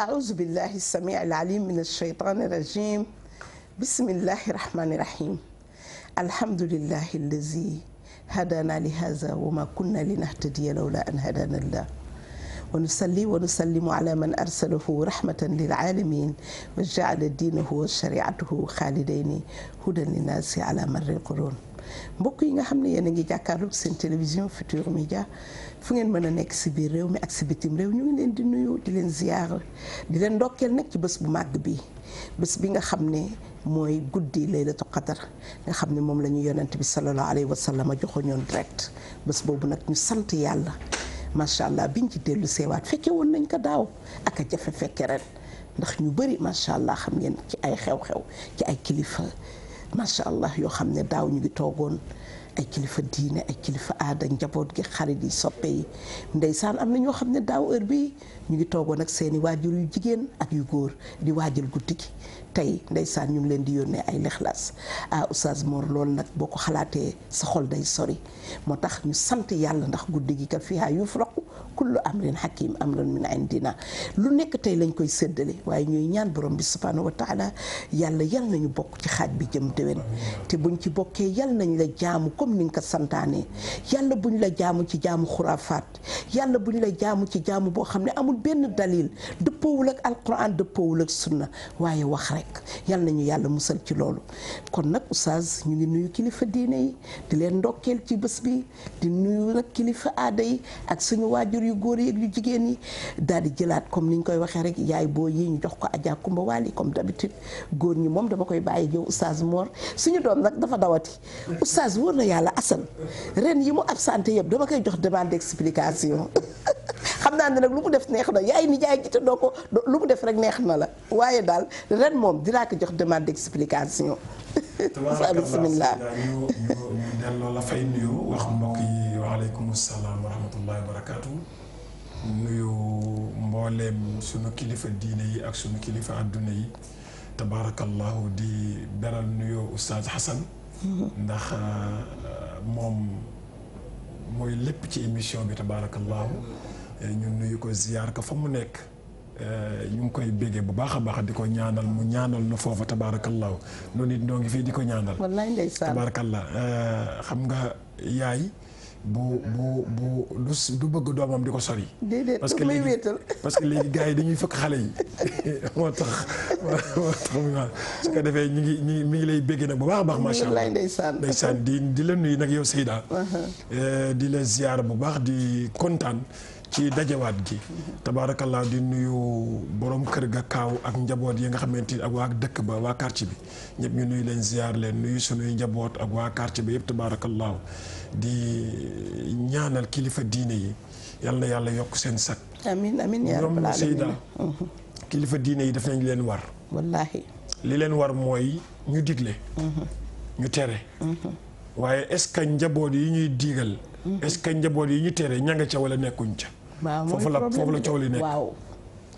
أعوذ بالله السميع العليم من الشيطان الرجيم بسم الله الرحمن الرحيم الحمد لله الذي هدانا لهذا وما كنا لنهتدي لولا أن هدانا الله ونصلي ونسلم على من أرسله رحمة للعالمين وجعل دينه وشريعته خالدين هدى للناس على مر القرون mbokk yi nga xam ne yéen a ngi jàkkaarloog seen télévision Futurs Médias fu ngeen mën a nekk si biir réew mi ak si bitim réew ñu ngi leen di nuyu di leen ziyaar di leen ndokkeel nag ci bés bu màgg bi bés bi nga xam ne mooy guddi laylatu qadar nga xam ne moom la ñu yonent bi sallallahu alayhi wa sallam a joxoñoon direct bés boobu nag ñu sant yàlla macha allah biñ ci dellu seewaat fekke woon nañ ko daaw ak a jafe fekke rek ndax ñu bëri macha allah xam ngeen ci ay xew-xew ci ay kilifa macha allah yoo xam ne daaw ñu ngi toogoon ay kilifa diine ay kilifa aada njaboot gi xarit yi soppe yi ndeysaan am na ñoo xam ne daaw heure bi ñu ngi toogoon ak seeni waajur yu jigéen ak yu góor di waajal guddi gi tey ndeysaan ñu ngi leen di yónnee ay lexlaas ah oustaz moor lool nag boo ko xalaatee sa xol day sori moo tax ñu sant yàlla ndax guddi gi kat fiihaa yufraqu kullu amrin hakim amrun min indina lu nekk tey lañ koy séddale waaye ñooy ñaan borom bi subhanahu wa taala yàlla yal nañu bokk ci xaaj bi jëm déwén te buñ ci bokkee yal nañ la jaamu comme ni nga ko santaanee yàlla ñu la jaamu ci jaamu xuraafaat yàlla ñu la jaamu ci jaamu boo xam ne amul benn dalil dëppoowul ak alquran dëppoowul ak sunna nekk na ñu yàlla musal ci loolu kon nag oustaz ñu ngi nuyu kilifa diine yi di leen ndokkeel ci bés bi di nuyu nag kilifa aada yi ak suñu waajur yu góor yi ak yu jigéen yi daal di jëlaat comme ni ñu koy waxee rek yaay boo yi ñu jox ko Adja Kumba Waali comme d'habitude góor ñi moom dama koy bàyyi yow oustaz Mor suñu doom nag dafa dawati oustaz wóor na yàlla Assane ren yi mu absenté yëpp dama koy jox demande explication xam naa ne nag lu mu def neex na yaay ni jaay doo ko lu mu def rek neex na la waaye daal ren moom dinaa ko jox demande d'explication. bismillah nuyu mbooleem sunu kilifa diine yi ak sunu kilifa adduna yi tabaarakallahu di beral nuyoo oustaz Hassan. ndax euh, moom mooy lépp ci émission bi tabaarakallahu Eh, ñu nuyu ko ziyaar ka fa mu nekk eh, ñu ngi koy béggee bu baax a baax di ko ñaanal mu ñaanal nu foofa tabaarakallaahu noonu it noo ngi fii di ko ñaanal. wallaay ndeysaan tabaarakallah eh, xam nga yaay. bu bu bu du bëgg doomam di ko sori. parce que léegi parce que léegi gars yi dañuy fëkk xale yi moo tax moo tax su ko defee ñu ngi ñu mi ngi lay béggee nag bu baax a baax. macha allah ndeysaan di di la nuyu nag yow Seyda. Uh-huh. di la ziar bu baax di kontaan. ci dajawaat gi tabaarakallaa di nuyu borom kër ga kaaw ak njaboot yi nga xamante ni ak waa dëkk ba waa quartier bi ñëpp ñu nuyu leen ziar leen nuyu suñuy njaboot ak waa quartier bi yëpp tabaarakallaa di ñaanal kilifa diine yi yàlla na yàlla yokk seen sag amiin amiin yaa kilifa diine yi def nañ leen war wallaahi li leen war mooy ñu digle ñu tere waaye est-ce que njaboot yi ñuy diigal mm-hmm. est-ce que njaboot yi ñu tere ña nga ca wala nekkuñ ca waaw foofu la foofu la coow li nekk waaw.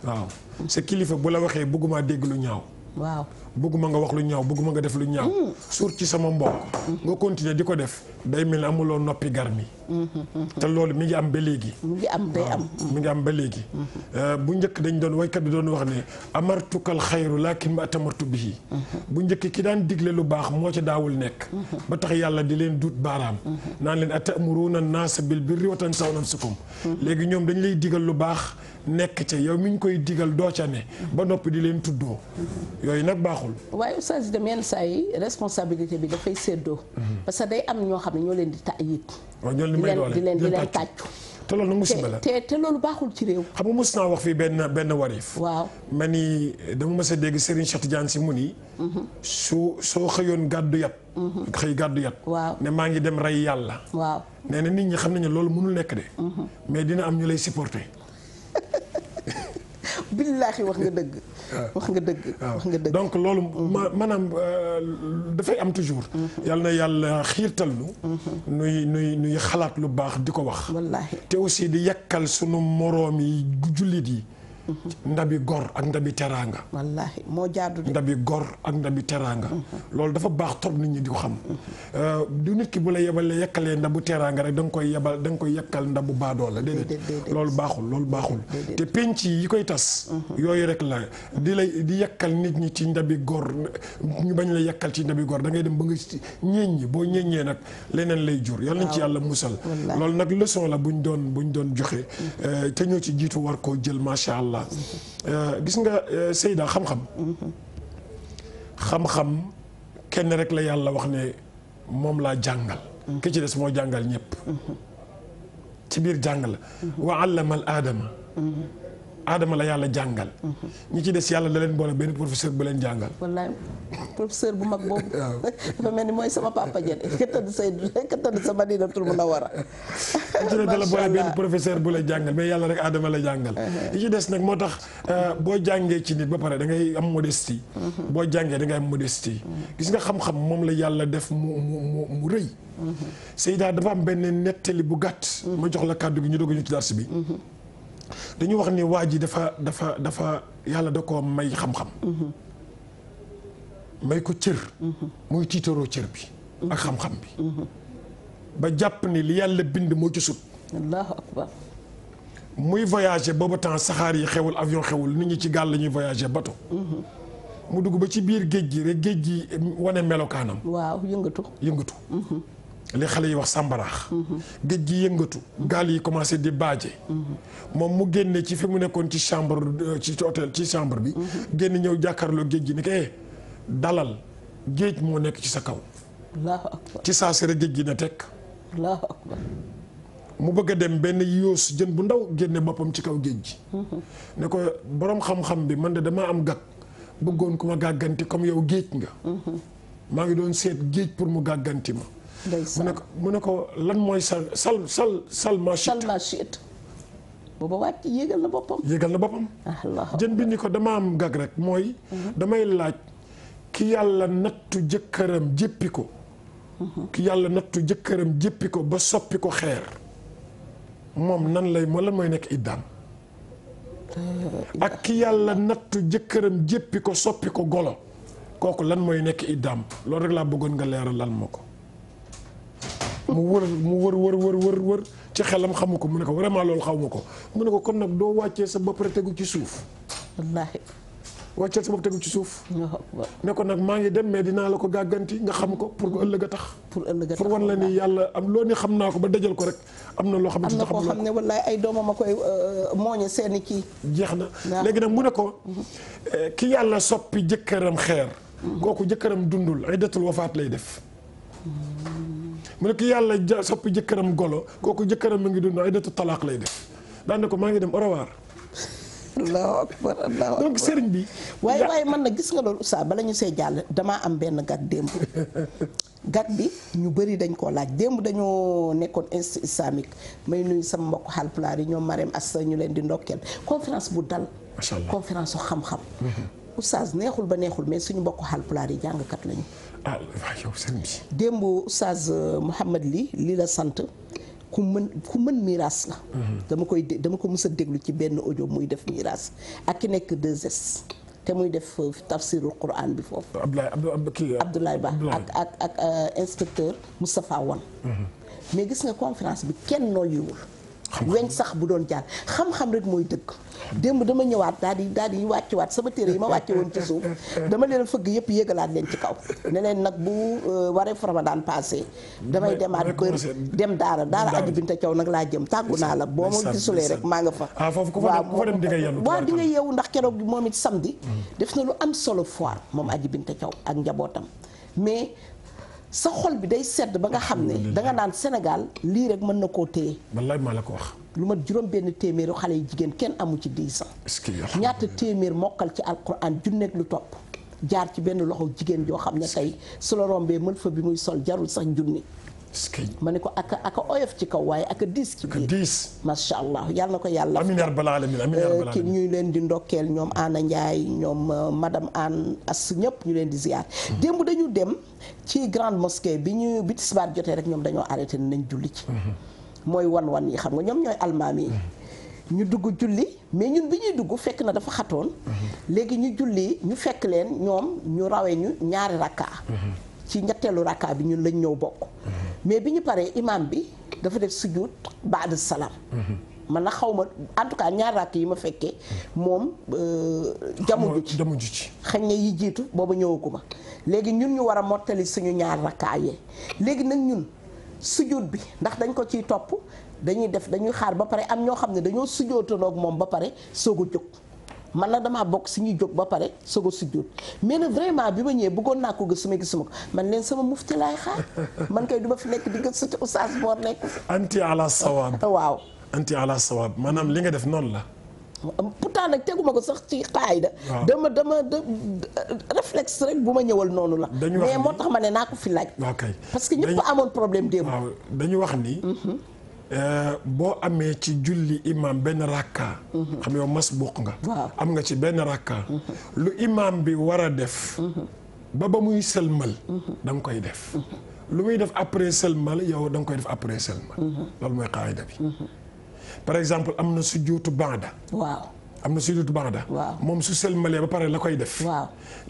waaw sa kilifa bu la waxee bëggumaa dégg lu ñaaw. waaw bëgguma nga wax lu ñaaw bëgguma nga def lu ñaaw. Mm. suur ci sama mbokk. nga continuer di ko def. day mel ni amuloo noppi garmi te loolu mi ngi am ba léegi. am am mi ngi am ba léegi. Euh, bu njëkk dañ doon waykat bi doon wax ne amartukal xayru laakin ma atamartu bihi bu njëkk ki daan digle lu baax moo ci daawul nekk. ba tax yàlla di leen duut baaraam. naan leen at na naa atamuruna naasa bil birri wa tansawna anfusakum mm-hmm. léegi ñoom dañ lay digal lu baax. nekk ca yow mi ñu koy digal doo ca ne ba noppi di leen tuddoo yooyu nag baaxul waaye oustaz dem yenn saa yi responsabilité bi dafay séddoo mhm. parce que day am ñoo xam ne ñoo leen di tàyyit di leen di leen tàccu te loolu nag musiba la te te loolu baaxul ci réew. xam ma mos naa wax fii benn benn warif. waaw ma ni dama mës a dégg Serigne Cheikh Tidiane si mu ni. Mhm. su soo xëyoon gàddu yat. Mhm. xëy gàddu yat. waaw ne maa ngi dem rey yàlla. waaw nee na nit ñi xam nañu loolu mënul nekk de. mais dina am ñu lay supporter. billaahi wax nga dëgg. Ah. wax nga dëgg. Ah. wax nga dëgg donc loolu. Mm-hmm. maanaam euh, dafay am toujours. Mm-hmm. yal na yàlla xiirtal lu mm-hmm. nuy nuy nuy xalaat lu baax di ko wax. wallaahi te aussi di yàkkal sunu moroom yi jullit yi. ndabi gor ak ndabi teraanga. wallaahi moo jaadu de. ndabi gor ak ndabi teraanga. loolu dafa baax trop nit ñi di ko xam. Euh, du nit ki bu la yebalee yekkalee ndabu teraanga rek da nga koy yebal da nga koy yekkal ndabu baadoo la déedéet. loolu baaxul loolu baaxul. te penc yi koy tas. Mhm. yooyu rek la di lay di yekkal nit ñi ci ndabi gor ñu bañ la yekkal ci ndabi gor da ngay dem ba nga ñeeññi boo ñeeññee nag leneen lay jur. yal nañ ci yàlla musal. loolu nag leçon la buñ doon buñ doon joxe. Mhm. Euh, te ñoo ci jiitu war koo jël macha allah allah euh, gis nga euh, Seyda xam-xam. xam-xam kenn rek la yàlla wax ne moom laa jàngal. ki ci des moo jàngal ñëpp. ci biir jàng la. wa allama aadama. aadama la yàlla jàngal. Mhm. ñi ci des yàlla da leen boole benn professeur bu leen jàngal. wallaay professeur bu mag boobu. dafa mel ni mooy sama papa Diané ka tëdd Seydou ka tëdd sa Madinatul Munawwara. macha allah da la boole bu la jàngal mais yàlla rek adama la jàngal. Mhm. li ci des nag moo tax euh, boo jàngee ci nit ba pare da ngay am modestie. Mhm. boo jàngee da ngay am modestie. gis nga xam-xam moom la yàlla def mu mu mu rëy. Seyda dafa am benn nettali bu gàtt. ma jox la kàddu gi ñu doog a ñu ci dars bi. dañu wax ni waa ji dafa dafa dafa yàlla da koo may xam-xam. may ko cër. muy tiitaroo cër bi. ak xam-xam bi. ba jàpp ni li yàlla bind moo ci sut. muy voyager booba temps saxaar yi xewul avion xewul nit ñi ci gaal la ñuy voyager bato. mu dugg ba ci biir géej gi rek géej gi wane melokaanam. waaw yëngatu yëngatu. li xale yi wax sàmbaraax géej gi yëngatu gaal yi commencé di baaje moom mu génne ci fi mu nekkoon ci chambre ci hôtel ci chambre bi génn ñëw jàkkaarloo géej gi ni ko eh, dalal géej moo nekk ci sa kaw ci saa si géej gi na teg mu bëgg a dem benn yoos jën bu ndaw génne boppam ci kaw géej gi ne ko boroom xam-xam bi man de damaa am gàkk bëggoon ku ma gàgganti comme yow géej nga mm-hmm. maa ngi doon seet géej pour mu gàgganti ma mu ne ko mu ne ko lan mooy sal sal sal salmachit salmachit booba wàcc yéegal na boppam jën bi ni ko dama am gag rek mooy mhm. damay laaj ki yàlla nattu jëkkëram jéppi ko mhm. ki yàlla nattu jëkkëram jéppi ko ba soppi ko xeer moom nan lay moo lan mooy nekk iddaam ak ki yàlla nattu jëkkëram jéppi ko soppi ko golo kooku lan mooy nekk iddaam loolu rek laa bëggoon nga leeral lan ma ko mu wër mu wër wër wër wër wër ci xelam xamu ko mu ne ko vraiment loolu xaw ma ko mu ne ko kon nag doo wàccee sa bopp rek tegu ci suuf. wallaahi. wàcceel sa bopp tegu ci suuf. ne ko nag maa ngi dem mais dinaa la ko gàgganti nga xam ko pour ko ëllëg a tax. pour ëllëg a tax pour wan la ni yàlla am loo ni xam naa ko ba dajal ko rek am na loo xam ne. am na koo xam ne wallaay ay doomam a koy euh, mooñe seeni kii. jeex na léegi nag mu ne ko mhm. eh, ki yàlla soppi jëkkëram xeer. Mhm. kooku jëkkëram dundul ay detul lay def. Mhm. mu ne ko yàlla ja jëkkëram golo kooku jëkkëram mu ngi dund ay dëttu talaaq lay def daan ko maa ngi dem au revoir. allahu akbar allahu akbar donc sëriñ bi. waaye waaye man na gis nga loolu Oustaz bala ñu see jàll damaa am benn gat démb. gat bi ñu bëri dañ koo laaj démb dañoo nekkoon institut islamique may nuyu sama mbokk xalpulaar yi ñoom Marème Assa ñu leen di ndokkeel conférence bu dal. macha allah conférence xam-xam. Oustaz neexul ba neexul mais suñu mbokk xalpulaar yi jàngkat lañu. ah yow sëñ bi. démb Oustaz euh, Mouhamed li li la sant ku mën ku mën miiras la. Mhm. dama koy dama ko mës a déglu ci benn audio muy def miiras ak ki nekk 2S te muy def euh, tafsirul Quran bi foofu. Abdoulaye euh, Abdoulaye Ba ak ak ak inspecteur Wan. Mhm. mais gis nga conférence bi kenn nooyuwul. weñ sax bu doon jaar xam-xam rek mooy dëkk démb dama ñëwaat daal di daal di waat sama téere yi ma wàcce woon ci suuf dama leen fëgg yëpp yëgalaat leen ci kaw ne leen nag bu euh, waree Ramadan passé damay demaat kër dem daal daara aji binta caw nag laa jëm tàggu naa la boo ma gisulee rek maa nga fa ah, waaw di nga yeewu ndax keroog moom it samedi mm. def na lu am solo foire moom aji binta caw ak njabootam mais sa xol bi day sedd ba nga xam ne danga naan Sénégal lii rek mën na koo téye. wallaay maa ko lu mat juróom benn téeméeru xale yu jigéen kenn amu ci dix ans. est ñaata téeméer mokkal ci alquran junneeg lu topp. jaar ci benn loxo jigéen joo xam ne tey su la rombee mën fa bi muy sol jarul sax junni. ma ne ko ak ak oyof ci kaw waaye ak a diis ci biir diis allah yàlla na ko yàlla amiin yaa rabbal aalamiin amiin yaa rabbal eh, leen di ndokkeel ñoom Anna Ndiaye ñoom eh, madame Anne As ñëpp ñu leen di ziar hmm. démb dañu dem ci grande mosquée bi ñu bi tisbaar jotee rek ñoom dañoo arrêté nañ julli ci hmm. mooy wan-wan yi xam nga ñoom ñooy almaam yi hmm. ñu dugg julli mais ñun bi ñuy dugg fekk na dafa xatoon léegi ñu julli ñu fekk leen ñoom ñu rawee ñu ñaari rakkaa ci ñetteelu rakka bi ñun lañ ñëw bokk mais bi ñu paree imam bi dafa def sujud baada salaam man na xaw ma en tout cas ñaar rakk yi ma fekkee moom euh, jamono ci jamono ci xañ na yi jiitu booba ñëwaguma léegi ñun ñu war a mottali suñu ñaar rakkaa yee léegi nag ñun sujud bi ndax dañ ko ciy topp dañuy def dañuy xaar ba pare am ñoo xam ne dañoo sujootoon moom ba pare soog a jóg man nag damaa bokk si ñu jóg ba pare soog a sujjóot mais nag vraiment bi ma ñëwee bëggoon naa ko gëstu ma gisuma ko man leen sama mufti laay xaar man kay duma fi nekk di gëstu ci oustaz boor nekk. anti ala sawaab waaw. anti ala sawaab maanaam li nga def noonu la. pourtant nag teguma ko sax ci xaayda dama dama de réflexe rek bu ma ñëwal noonu la. mais moo tax ma ne naa ko fi laaj. parce que ñëpp amoon problème démb. dañu wax ni. Mhm. Eh, boo amee ci julli imam benn rakka. xam yow mas bokk nga. am nga ci benn rakka. lu imam bi war a def. ba ba muy sëlmal. da nga koy def. lu muy def après sëlmal yow da nga koy def après sëlmal. loolu mooy qaayida bi. par exemple am na sujuutu baada. waaw am na sujuutu baada. waaw moom su sëlmalee ba pare la koy def.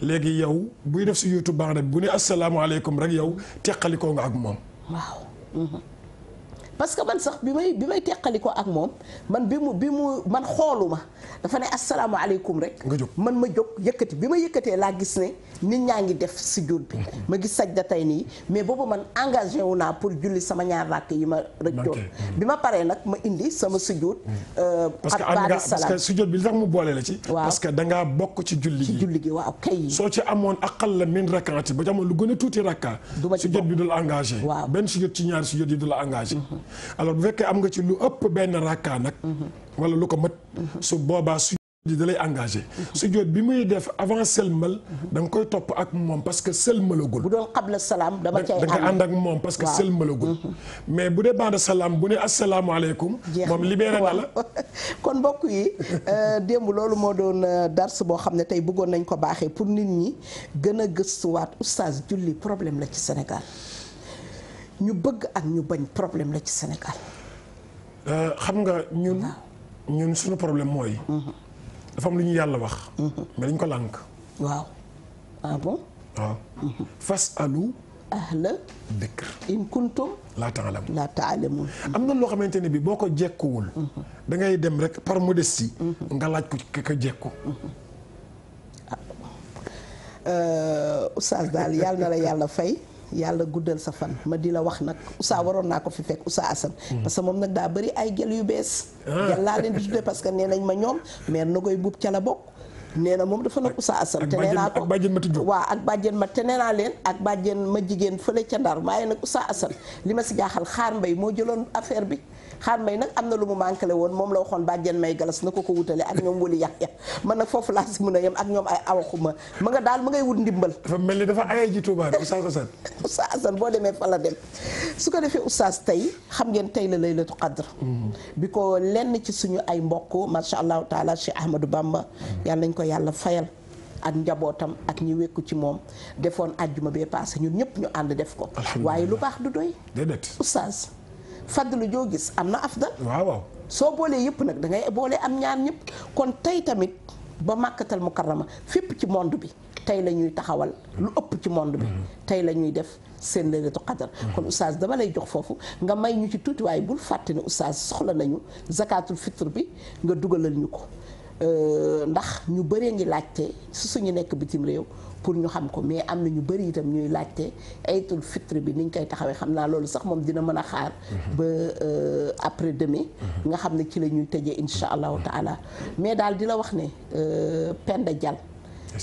léegi yow buy def sujuutu baada bi bu ne asalaamaaleykum rek yow teqalikoo nga ak moom. parce que man sax bi may bi may teqali ko ak moom man bi mu bi mu man xooluma dafa ne asalaamaaleykum rek. nga jóg man ma jóg yëkkati bi ma yëkkatee laa gis ne nit ñaa ngi def sujjóot bi. Mm-hmm. ma gis sajda tey nii mais boobu man engagé wu naa pour julli sama ñaar ràkk yi ma rëccoon. Mm-hmm. bi ma paree nag ma indi sama sujjóot. Mm-hmm. Euh, parce que am nga parce que sujjóot ci. waaw parce que da bokk ci julli gi. ci julli gi amoon aqal la min rakkaati ba ci amoon lu gën a tuuti rakka. du ma ci bokk sujjóot bi du la engage waaw benn sujjóot ci ñaari sujjóot yi du la engagé. alors bu fekkee am nga ci lu ëpp benn rakkaa nag wala lu ko mat su boobaa su di da lay engagé su jóot bi muy def avant sëlmal da nga koy topp ak moom parce que sëlmalagul bu doon xabla salaam dama cay da nga moom parce que sëlmalagul mhm. mais bu dee banda salaam bu ne asalaamaaleykum moom libéré na la kon mbokk yi euh, démb loolu moo doon euh, dars boo xam ne tey bëggoon nañ ko baaxee pour nit ñi gën a gëstuwaat oustaz julli problème la ci Sénégal ñu bëgg ak ñu bañ problème la ci Sénégal. Euh, xam nga ñun ñun suñu problème mooy. Mhm. dafa am lu ñu yàlla wax. Mhm. mais dañ ko lànk. waaw ah bon. waaw. Mhm. fas alu. ahla dikr. in kuntum. laa taalam am na loo xamante ne bi boo ko jekkuwul. da ngay dem rek par modestie. nga laaj ko ki ko jekku. ah euh, daal yàlla na la fay. yàlla guddal sa fan ma di la wax nag Oussa waroon naa ko fi fekk Oussa Assane hmm. parce que moom nag daa bëri ay gel yu bees ah. gel laa leen di tuddee parce que nee nañ ma ñoom maire na koy buub ca la bokk nee na moom dafa nag Oussa Assane te nee naa ko waa ak bàjjen ma te nee naa leen ak bàjjen ma jigéen fële ca Ndar waaye nag Oussa Assane li ma si jaaxal xaar mbay moo jëloon affaire bi xaar may nag am na lu mu manqué le woon moom la waxoon bàjjen may galas na ko ko wutale ak ñoom a yem ma nga daal ma ngay wut ndimbal dafa mel ni dafa ayee la dem su ko defee Oustaz tey xam ngeen tey la laylatu qadr mm-hmm. bi ko lenn ci suñu ay mbokk macha allahu taala Cheikh Ahmadou Bamba yàlla nañ ko yàlla fayal ak njabootam ak ñi wekku ci moom defoon àjjuma bee paase ñun ñëpp ñu ànd def ko waaye lu baax du doy déedéet Oustaz fadlu joo gis am na afdal waaw soo boolee yëpp nag da ngay boolee am ñaan ñëpp kon tey tamit ba màkkatal mukarrama fépp ci monde bi tey la ñuy taxawal lu ëpp ci monde bi mm-hmm. tey la ñuy def seen laylatu qadar mm-hmm. kon oustaz dama lay jox foofu nga may ñu ci tuuti waaye bul fàtte ne oustaz soxla nañu zakatul fitre bi nga dugalal ñu ko euh, ndax ñu bëree ngi laajte su suñu nekk bitim réew pour ñu xam ko mais am na ñu bëri itam ñuy laajte aytul fitr bi niñ koy taxawee xam naa loolu sax moom dina mën a xaar mhm. ba euh, après demain mhm. nga xam ne ci la ñuy tëjee insha allahu mhm. taala mais daal di la wax ne euh, Penda Dial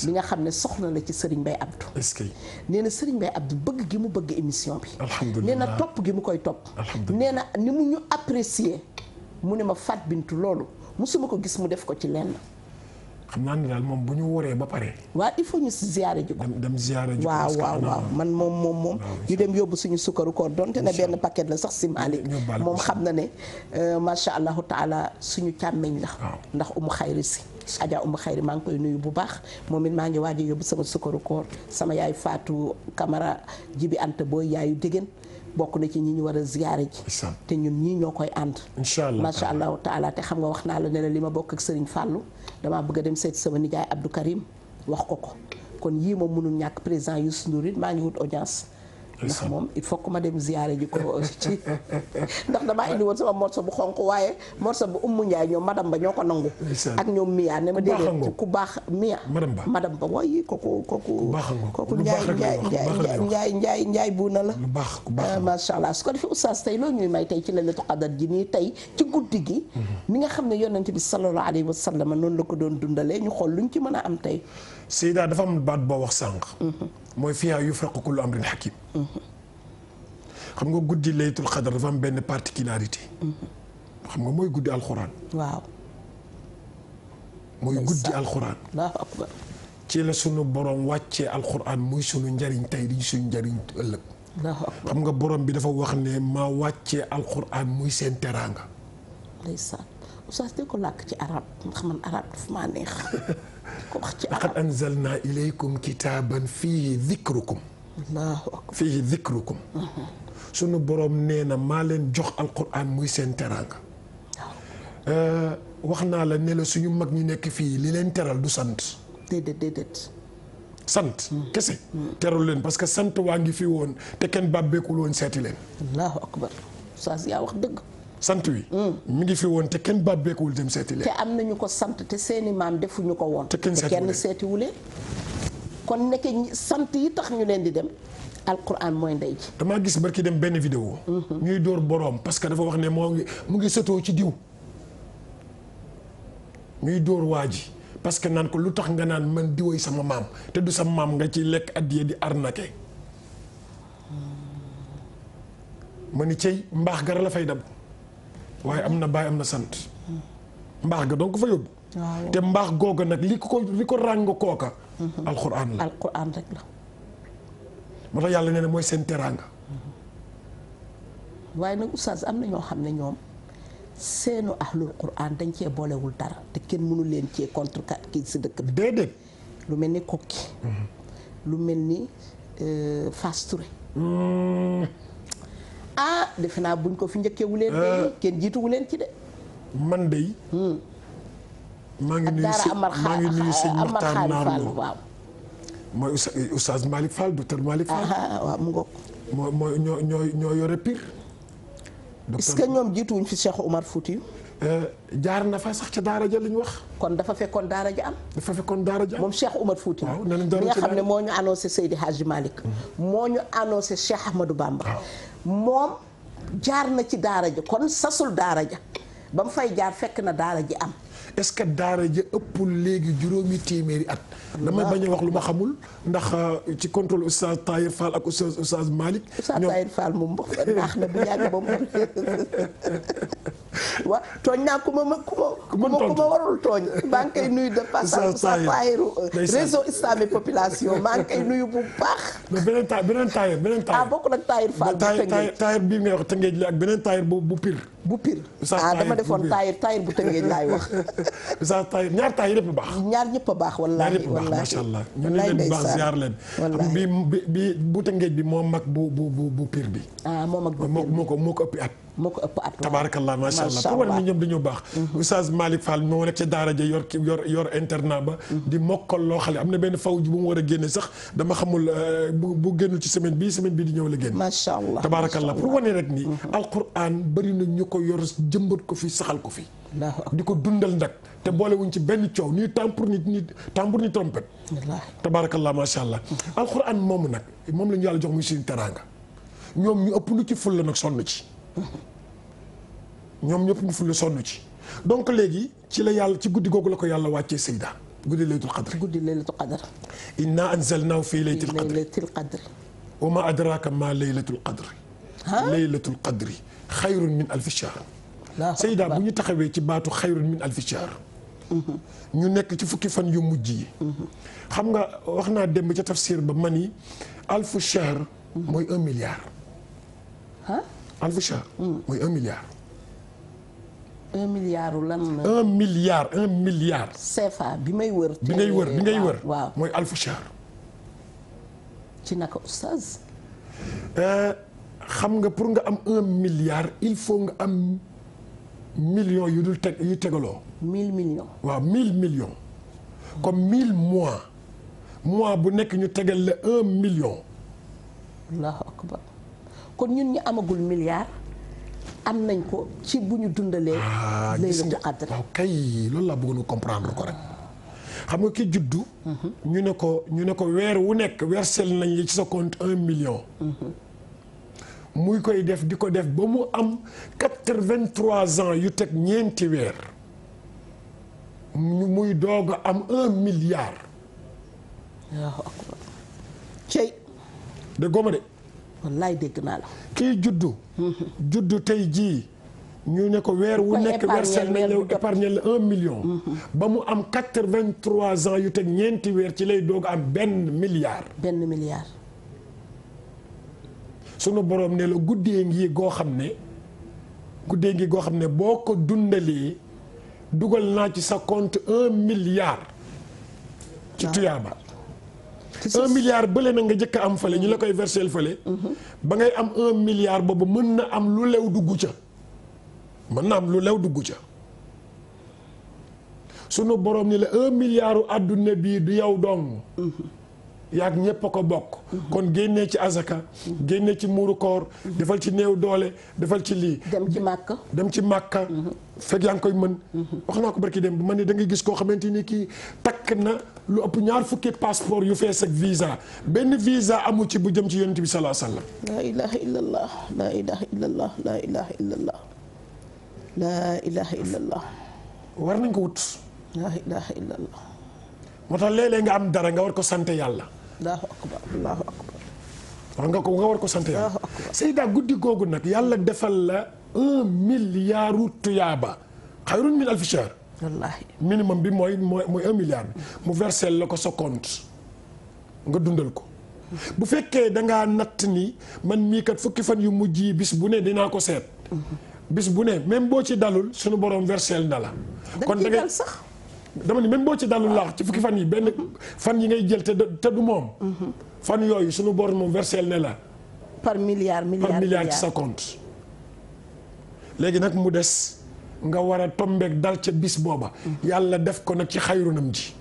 bi nga xam ne soxna la ci Serigne Mbaye Abdou. est-ce que nee na Serigne Mbaye bëgg gi mu bëgg émission bi. alhamdulilah nee na topp gi mu koy topp. nee na ni mu ñu apprécier mu ne ma Fat bint loolu musuma ko gis mu def ko ci lenn. xam naa ni daal moom bu ñu waree ba pare. waa il faut ñu ziare ji ko. dem waaw waaw waaw man moom moom moom. ñu dem yóbbu suñu sukkaru koor donte ne benn paquet la sax si Malick moom xam na ne euh, macha allahu taala suñu càmmeñ la. ndax umu xayri si. Adja Umu Xayri maa ngi koy nuyu bu baax moom it maa ngi waaj a yóbbu sama sukkaru koor sama yaay Fatou Camara Jibi Anta booy yaayu dégén bokk na ci ñi ñu war a ziyaare ji te ñun ñii ñoo koy ànd macha allah taala te xam nga wax naa la ne la li ma bokk ak Serigne Fallou damaa bëgg a dem seeti sama nijaay Abdou Karim wax ko ko kon yii moom mënul ñàkk président yu Ndour it maa ngi wut audience ndax moom il faut que ma dem ziyaare ji ko ci ndax damaa indi woon sama morso bu xonq waaye morso bu ummu Njaay ñoom madam ba ñoo ko nangu ak ñoom miyaa ne ma déedéet ku baax miya madam ba waaye kooku kooku kooku njaay njaay njaay njaay njaay buuna la ah, masha allah su ko defee oustaz tey loolu ñuy may tey ci la laylatul qadar ji nii tey ci guddi gi mhm. mi nga xam ne yonent bi sallallahu alayhi wa sallam noonu la ko doon dundalee ñu xool lu ñu ci mën a am tey Seyda dafa am baat boo wax sànq. mooy fiyaa yufraqu kullu amrin hakim. xam nga guddi laytul xadar dafa am benn particularité. xam nga mooy guddi alxuraan. waaw. mooy guddi alxuraan. ci la sunu borom wàcce alxuraan muy sunu njariñ tey di suñu njariñ ëllëg. xam nga boroom bi dafa wax ne maa wàccee alxuraan muy seen teraanga. oustaz di ko làkk ci arab ndax man arab daf maa neex ko wax ci arab laqad anzalna ilaykum kitaaban fiihi dhikrukum allahu mhm. sunu borom nee na maa leen jox alquran muy seen teraanga euh, wax naa la ne suñu mag ñu nekk fii li leen teral du sant déedéet déedéet sant mhm. kese mhm. teral leen parce que sant waa ngi fii woon te kenn bàbbeekul woon seeti leen allahu akbar oustaz yaa wax dëgg sant wi. mu mm. ngi fi woon te kenn baat beekuwul dem seeti leen. te am nañu ko sant te seeni maam defuñu ko woon. te kenn seetiwule kon nekk sant yi tax ñu leen di dem. alquran mooy ndey ji. damaa gis barki dem benn vidéo. Mm-hmm. ñuy dóor boroom parce que dafa wax ne moo ngi mu ngi sëtoo ci diw. ñuy dóor waa ji parce que naan ko lu tax nga naan man diwoy sama maam te du sama maam nga ci lekk addiye di arnaqué. Mm. ma ni cey mbaax gara la fay dab. waaye am na baay am na sant. mbaax ga donc fa yóbbu. te mbaax googa nag li ko li ko ràng kooka. Mhm. alxuraan la alxuraan rek la. moo tax yàlla nee na mooy seen teraanga. Mhm. waaye nag oustaz am na ñoo xam ne ñoom seenu ahlul quran dañ cee boolewul dara te kenn mënu leen cee contre kii si dëkk bi. déedéet. lu mel ni kokki mhm. lu mel ni euh, Fass ah defe naa buñ ko fi njëkkeewu leen de ah. kenn jiituwu leen ci de man de hmm. maa ngi nuyu sëñ maa ngi nuyu mooy eh, oustaz Malick Fall docteur Malick moo moo ñoo ñoo ñoo yore pire est-ce que ñoom jiituwuñ fi Cheikh Omar Foutiyu eh, jaar na fa sax daara ja li ñu wax. kon dafa fekkoon daara ja am. dafa fekkoon daara ja am moom Cheikh Oumar Fouti. waaw nga ne moo ñu annoncé Seydi Hadji Malick. Mhm. moo ñu annoncé Cheikh Ahmadou Bamba. moom jaar na ci daara ja kon sasul daara ja ba mu fay jaar fekk na daara ji am est-ce que daara ja ëppul léegi juróomi téeméeri at. damay bañ a wax lu ma xamul. ndax euh, ci contrôle oustaz Tahir Fall ak oustaz oustaz Malick. oustaz Tahir Fall moom mboq baax na bu yàgg ba mu. waaw tooñ naa ku ma ma ku ma ku ma warul tooñ. maa ngi koy nuyu de passage oustaz Tahiru euh, réseau islamique population maa ngi koy nuyu bu baax. mais beneen taay beneen taayir beneen taayir. ah bokkul ak Tahir Fall bii ngay wax Tëngéej li ak beneen taayir bu pire. bu pire ah defoon taayir taayir bu Tëngéej laay wax. Moussa taay ñaar taay yëpp baax. ñaar ñëpp baax wallaahi. ñaar ñëpp baax macha allah ñu ne leen baax ziar leen. bi bi buti ngéej bi moo mag bu bu bu piir bi. ah moo mag bu pire moo ko moo ko ëppi at. moo ko ëpp at. tabaarakallah macha allah pour wane ni ñoom dañoo baax. Mhm. oustaz Malick Fall moo nekk ca yor yor yor ba. Mhm. di mokkal loo xale am na benn faw ji bu war a génne sax dama xamul euh, bu bu génnul ci semaine bii semaine bii di ñëw la génn. macha allah tabaarakallah pour wane rek ni. Mhm. alquran bari na ñu ko yor jëmbat ko fi saxal ko fi. di ko dundal nag te boolewuñ ci benn coow nii tampour ni ni tampour ni trompette. tabaarakallah macha allah. alquran moomu nag moom la yàlla jox mu suñu teraanga ñoom ñu ëpp lu ci fulla nag sonn ci. ñoom ñëpp ñu ful sonn ci donc léegi ci la yàlla ci guddi googu la ko yàlla wàccee Seyda guddi laylatul qadr guddi laylatul qadr inna fii fi laylatil qadr laylatil qadr wa ma adraka ma laylatul qadr laylatul qadri xayrun min alfi shahr seydaa bu ñu taxawee ci baatu xayrun min alfi shahr ñu nekk ci fukki fan yu mujj yi xam nga wax naa démb ca tafsir ba ma yi alfu shahr mooy un milliard Alficha. Hmm. mooy un milliard. un milliard un milliard bi may wër. bi ngay wër bi ngay wër. waaw mooy Alficha. ci naka oustaz. Euh, xam nga pour nga am un milliard il faut nga am millions yu dul teg yu tegaloo. mille millions. waaw mille millions. comme mille mois. mois bu nekk ñu tegal la un million. kon ñun ñu amagul milliard am nañ ko ci bu ñu dundalee. Ah, laylatul qadr waaw kay loolu laa bëggoon comprendre ko rek. xam nga ki juddu. Mhm. ñu ne ko ñu ne ko weer wu nekk versel nañ li ci sa compte million. Mhm. muy koy def di ko def ba mu am quatre-vingt-trois ans yu teg ñeenti weer muy doog a am un milliard. waaw. cey. de goma de. wallaay dégg naa la. kii juddu. juddu tey jii. ñu ne ko weer wu nekk wersel na ñëw million. Mm-hmm. ba mu am quatre vingt trois ans yu teg ñeenti weer ci lay doog am benn milliar benn milliard. sunu borom ne guddee ngi goo xam ne guddee ngi goo xam ne boo ko dundalee dugal naa ci sa compte un milliard. ci tuyaaba. un milliard bële na nga njëkk am fële ñu la koy versel fële. Mhm. ba ngay am un milliard boobu mën na am lu lew dugg ca mën na am lu lew dugg ca sunu borom ni la un milliard àdduna bii di yow dong. Mhm. yaag ñëpp a ko bokk kon génnee ci azaka génnee ci muuru koor defal ci néew doole defal ci lii dem ci màkka dem ci màkk mhm. fekk yaa ngi koy mën mhm. wax naa ko barki dem bu ma ne da ngay gis koo xamante ni kii takk na lu ëpp ñaar fukki passeport yu fees ak visa benn visa amul ci bu jëm ci yonent bi salaa sallam laa la illallah laa ilaha illallah laa ilaha illallah laa ilaha illallah war nañ ko wut laa ilaha illallah moo tax léeg-léeg nga am dara nga war ko sant yàlla allahu akbar allahu nga ko nga war ko sant yàlla Seyda guddi googu nag yàlla defal la un milliard tuyaaba xayrun min minimum bi mooy mooy milliard mu versel la ko sa nga dundal ko bu fekkee dangaa natt ni man mii kat fukki fan yu mujj yi bis bu ne dinaa ko seet bis bu ne même boo ci dalul suñu borom versel na la kon sax dama ni même boo ci dalul laax ci fukki fan yi benn fan yi ngay jël te te du moom. Mhm. fan yooyu suñu bor moom versel ne la. par milliard milliard par milliard ci sa compte. léegi nag mu des nga war a tombeek dal ca bis booba. Mhm. yàlla def ko nag ci xayrunam ji.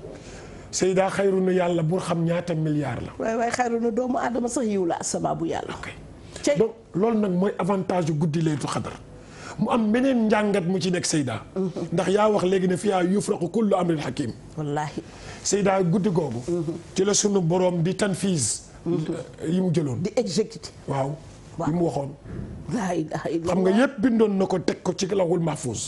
Seyda xayru na yàlla bu xam ñaata milliard la. waaye waay xayru na doomu aadama sax yiw la sababu yàlla. donc loolu nag mooy avantage yu guddi du xadar. mu am beneen njàngat mu ci nekk Seyda. ndax yaa wax léegi ne fiyaa yufraqu kullu amrin hakim. wallaahi Seyda guddi googu. ci la sunu boroom di tanfise. yi mu jëloon di exécuté. waaw yi mu waxoon. xam nga yëpp bindoon na ko teg ko ci lawul mahfuz.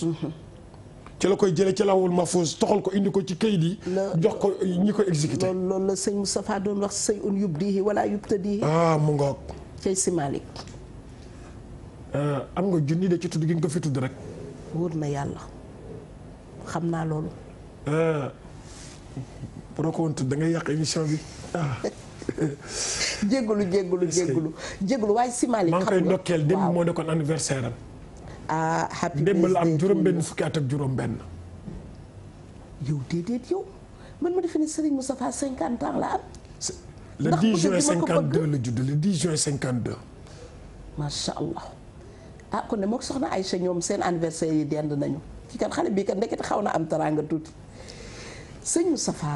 ci la koy jële ci lawul mahfuz toxal ko indi ko ci kayit yi. jox ko ñi ko exécuté. loolu la sëñ Moustapha doon wax sëñ un yubdihi wala yubtadihi. ah mu ngoog. cay si Malick Euh, am nga junni de ci tudd gi nga ko fi tudd rek. wóor na yàlla xam naa loolu. Euh, bu la ko woon tudd da ngay yàq émission bi ah. jégalu jégalu jégalu jégalu waaye si Malick. xam maa ngi koy ndokkeel démb moo nekkoon anniversaire am. ah happy démb la am juróom-benn fukki at ak juróom-benn. yow déedéet yow man ma defe ne Serigne Moustapha 50 ans la am. le 10 juin 52 la judd le 10 juin 52. macha allah. ah kon ne mook soxna Aïcha ñoom seen anniversaire yi dend nañu kii kat xale bii kat ndekete xaw na am teraanga tuuti sëñ Moustapha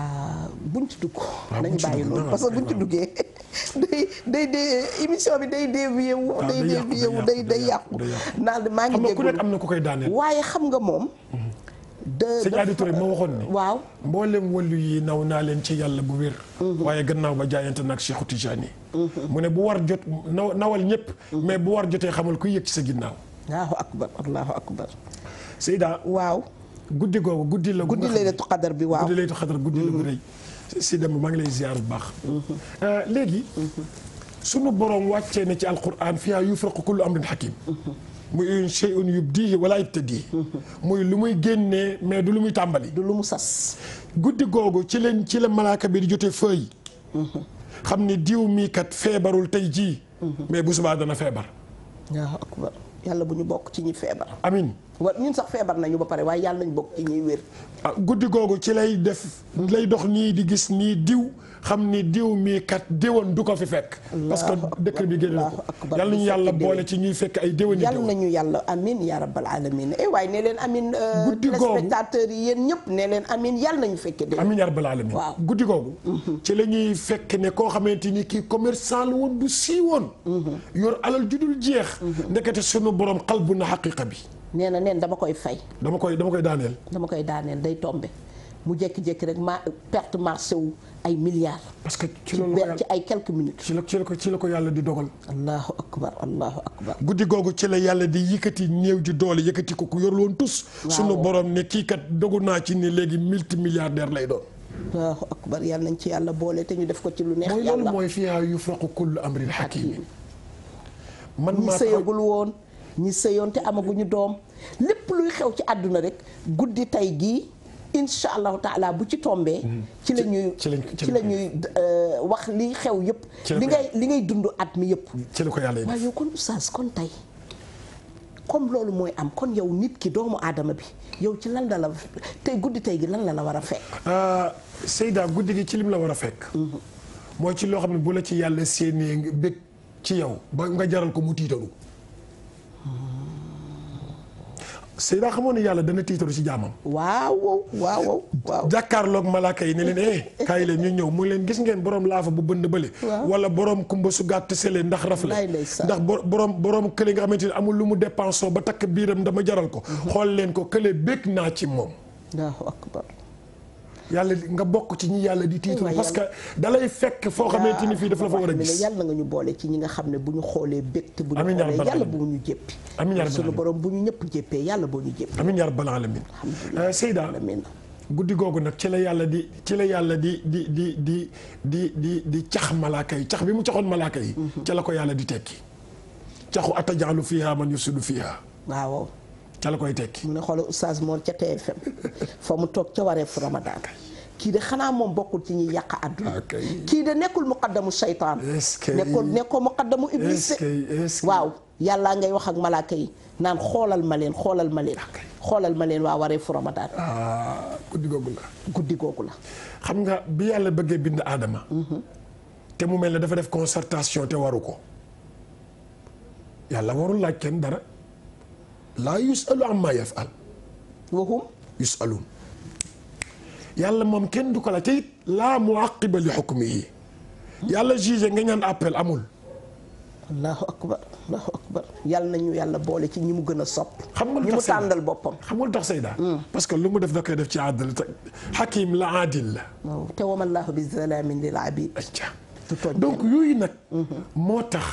buñ ci dugg ah, nañ bàyyi loolu parce que buñ ci duggee day day day émission bi day dévié wu day ah, dévié wu day day yàqu naa maa ngi dégg waaye xam nga moom mhm. sëñ Adi Touré ma waxoon ni waaw mboolem wàllu yi naw naa leen ci yàlla bu wér mhm. waaye gannaaw ba jaayante nag Cheikh Tidiane mhm. mu ne bu war jot naw nawal ñëpp mhm. mais bu war jotee xamul ku yëg ci sa ginnaaw allahu akbar allahu akbar Seyda waaw guddi googu guddi la guddi laylatu xadar bi waaw guddi laylatu xadar guddi la bu rëy si dem maa ngi lay ziar bu baax euh, léegi sunu borom wàccee na ci alquran fiyaa yufraqu muy shay'un yubdihi wala yubtadihi muy lu muy génnee mais du lu muy tàmbali. du lu mu sas. guddi googu ci leen ci la malaaka bi di jotee feuille. xam ni diw mii kat feebarul tey jii. mais bu subaa dana feebar. waaw yàlla bu ñu bokk ci ñi feebar. amin wa ñun sax feebar nañu ba pare waaye yàlla nañu bokk ci ñuy wér. Ah, guddi googu ci lay def. lay dox nii di gis nii diw. xam ni diw mii kat déwan du ko fi fekk parce que dëkk bi génn ko yal nañu yàlla boole ci ñuy fekk ay déwan yal nañu yàlla amin ya rabbal alamin e waaye ne leen amin euh, guddi googu spectateurs yi yéen ñëpp ne leen amin yàlla nañu fekke dé amin ya rabbal alamin waaw guddi googu mhm. ci la ñuy fekk ne koo xamante ni kii commerçant la woon du sii woon mhm. yor alal ju dul jeex mhm. ndekete sunu borom xalbu na xaqiqa bi nee na neen dama koy fay dama koy dama koy daaneel dama koy daaneel day tombe mu jekki jékki rek ma perte marché ay milliards. parce que ci loolu ci ay quelques minutes. ci la ci la ko yàlla di dogal. allahu akbar allahu akbar. guddi googu ci la yàlla di yëkkati néew ji doole yëkkati ko ku yorul woon tus. sunu borom ne kii kat dogu naa ci ne léegi multi milliardaire lay doon. allahu akbar yàlla nañ ci yàlla boole te ñu def ko ci lu neex. yàlla mooy loolu mooy fiihaa yufraqu kullu amrin hakiim. man maa sëyagul woon ñi sëyoon te amaguñu doom lépp luy xew ci àdduna rek guddi tey gii. incha allahu taala bu ci tombee mm-hmm. ci la ci la ñuy euh, wax li xew yëpp li ngay li ngay dund at mi yëpp waaye yow kon oustaz kon tey comme loolu mooy am kon yow nit ki doomu aadama bi yow ci lan la tey guddi tey gi lan la la war a fekk euh, Seyda guddi gi ci lim la war a fekk mm-hmm. mooy ci loo xam ne bu la ci yàlla séenee nga bëgg ci yow ba nga jaral ko mu tiitalu si Seydina xamoon ne yàlla dana tiitaru ci jaamam. waaw waaw waaw. jàkkaarloog malaaka yi ne leen eh kaay leen ñu ñëw mu leen gis ngeen borom fa bu bënd bële. wala borom kumba su gàtt sële ndax la ndax borom borom kële nga xamante ne amul lu mu dépensé ba takk biiram dama jaral ko. Mhm. xool leen ko kële bég naa ci moom. yàlla nga bokk ci ñi yàlla di tiitu parce que dalay fekk foo xamante ni fii daf la fa war a gis yàlla nga ñu boole ci ñi nga xam ne bu ñu xoolee bég te bu ñu xoolee yàlla bu ñu jéppi amiin yaa sunu borom bu ñu ñëpp jéppee yàlla boo ñu jéppi amiin yaa rabbal alamin euh, Seyda guddi googu nag ci la yàlla di ci la yàlla di di di di di di di cax malaaka yi cax bi mu caxoon malaaka yi mhm. ca la ko yàlla di tekki caxu atajaalu fiha man yusidu fiha waaw ca la koy tekki mu ne xoolal oustaz Mor ca TFM fa mu toog ca wareefu Ramadan kii de xanaa moom bokkul ci ñuy yàq àdduna ah, kii de nekkul muqaddamu seytaan nekkul nekkoo muqaddamu iblis waaw yàllaa ngay wax ak malaaka naan xoolal ma leen xoolal ma leen ah, xoolal ma leen waa waree Ramadan ah, guddi googu la guddi googu la xam nga bi yàlla bëggee bind aadama mhm. te mu mel ne dafa def concertation te waru ko yàlla warul laaj kenn dara laa yusalu amma yafal wa hum yusalun yàlla moom kenn du ko la te it laa muaqiba li xukmi yi yàlla jugé nga ñaan appel amul allahu akbar allahu akbar nañu yàlla boole ci ñi mu gën a sopp xam nga lu tax ñi mu tàndal boppam xam nga lu tax Seyda hmm. parce que lu mu def doo koy def ci àddal xakim la aadil la waaw te wamallahu bi zalaamin lil abid donc yooyu nag hmm. moo tax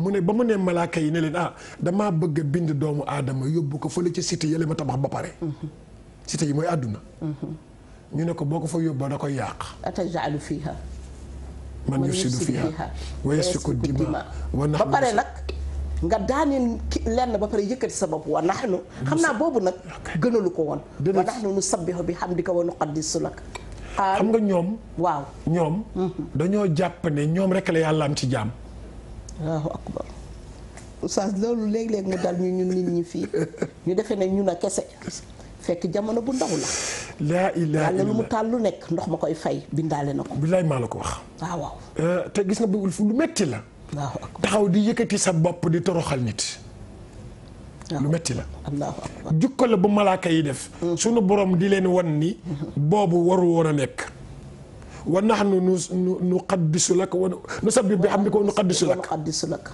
mu ne ba mu ne malaaka yi ne leen ah damaa bëgg bind doomu aadama yóbbu ko fa la ci cité yële ma tabax ba pare. cité yi mooy àdduna. ñu ne ko boo ko fa yóbboo da koy yàq. atajaalu fiiha. man yusidu fiiha wa yasfiku dima wa nahnu ba pare nag nga daaneel lenn ba pare yëkkati sa bopp wa nahnu xam naa boobu nag gënalu ko woon wa nahnu nusabbihu bi hamdika wa nuqaddisu lak xam nga ñoom waaw ñoom mhm. dañoo jàpp ne ñoom rek la yàlla am ci jaam allahu akbar oustaz loolu léeg-léeg mu dal ñu ñun nit ñi fii ñu defee ne ñun a kese fekk jamono bu ndaw la. laa ilaaha lu mu taal lu nekk ndox ma koy fay bindaale na ko. bilaay maa la ko wax. waaw waaw. Euh, te gis na bëggul fu lu metti la. waaw taxaw di yëkkati sa bopp di toroxal nit. lu metti la. jukka la bu malaaka yi def. Mm. sunu borom di leen wan ni. Mm-hmm. boobu waru woon nekk. wa nahnu nuqaddisu lak wa nusabbihu bihamdika wa nuqaddisu lak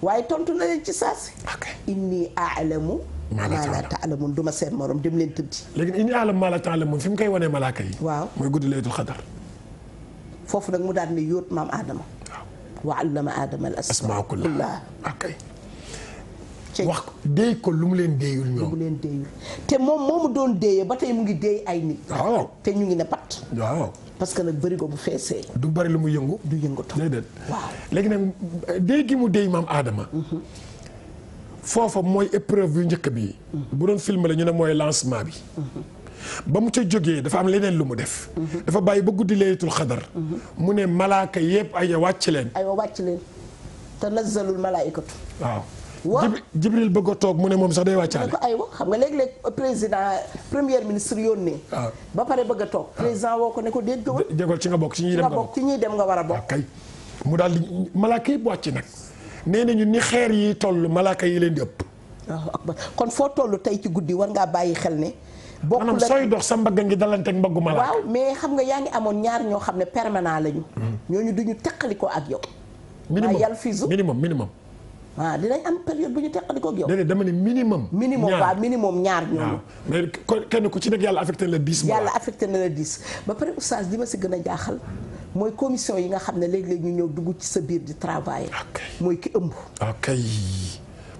waaye tontu na leen ci saasi. ok inni aalamu. maa la taalamun duma seen morom dem leen tëddi. léegi inni aalamu maa la taalamun fi mu koy wanee malaaka yi. waaw mooy guddi laylatul xadar. foofu nag mu daal ne yóot maam Adama. waaw wa allama Adama asmaa kullaha. wax déey ko lu mu leen déeyul ñoom. lu mu leen déeyul te moom moomu doon déeyee ba tey mu ngi déey ay nit. waaw te ñu ngi ne pat. waaw parce que nag bëri ko bu feesee. du bari lu mu yëngu. du yëngatu déedéet. waaw léegi nag déey gi mu déey maam Adama. Mhm. foofa mooy épreuve yu njëkk bi. Mhm. bu doon film la ñu ne mooy lancement bi. Mhm. ba mu ca jógee dafa am leneen lu mu def. dafa bàyyi ba guddi leetul xadar. mu ne malaaka yépp ay wàcc leen. ay wàcc leen te nazzalul malaayikatu waaw. Jibril bëgg a toog mu ne moom sax day wàccaale ko aywa xam nga léeg-léeg président premier ministre yoon yónnee ah. ba pare bëgg toog président woo ko ne ko déet gëwal ci nga bokk ci ñuy dem nga ñuy dem nga war a bokk ah, kay mu daal di malaaka yi wàcc nañu ni xeer yi toll malaaka yi leen di ëpp kon foo toll tey ci guddi war ngaa bàyyi xel ne bokkul maanaam sooy dox sa mbagg ngi dalanteeg mbaggu malaaka waaw mais xam nga yaa ngi amoon ñaar ñoo xam ne permanent lañu hmm. ñooñu duñu teqali ko ak yow minimum minimum minimum waaw dinañ am période bu ñu teqali koog yow. déedéet dama ne minimum. minimum waaw minimum ñaar ñooñu. mais kenn ku ci nekk yàlla affecté na la 10. yàlla affecté na la 10 ba pare oustaz li ma si gën a jaaxal mooy commission yi nga xam ne léeg-léeg ñu ñëw dugg ci sa biir di travailler. mooy ki ëmb. ok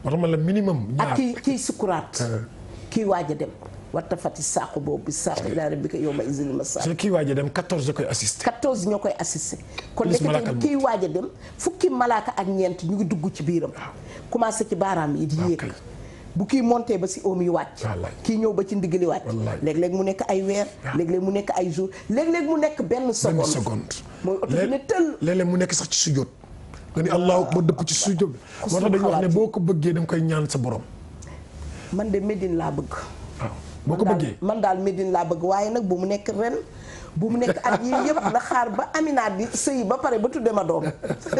moo tax ma la minimum. ak kii kii sukuraat. Euh. kii waaj a dem. warta fati saaqu boobu bi saaqu ila rabbika yawma izin masaaq kii waaj a dem 14 koy assisté 14 ñoo koy assisté kon nekkte kii waaj dem fukki malaaka ak ñeent ñu ngi dugg ci biiram commencé ci baaraam yi di ah, yéeg bu kii monté ba si oom yi wàcc kii ñëw ba ci ndiggali wàcc léeg-léeg mu nekk ay weer ah. léeg-léeg mu nekk ay jour léeg-léeg mu nekk benn seconde seconde mooy oto bi ne tëll léeg-léeg mu nekk sax ci sujjóot nga ni allahu akbar dëpp ci sujjóot moo tax dañu wax boo ko bëggee danga koy ñaan sa borom man de Médine laa bëgg ah. boo ko bëggee man daal Médine laa bëgg waaye nag bu mu nekk ren bu mu nekk at yii yëpp na xaar ba Amina di sëyi ba pare ba tudde ma doom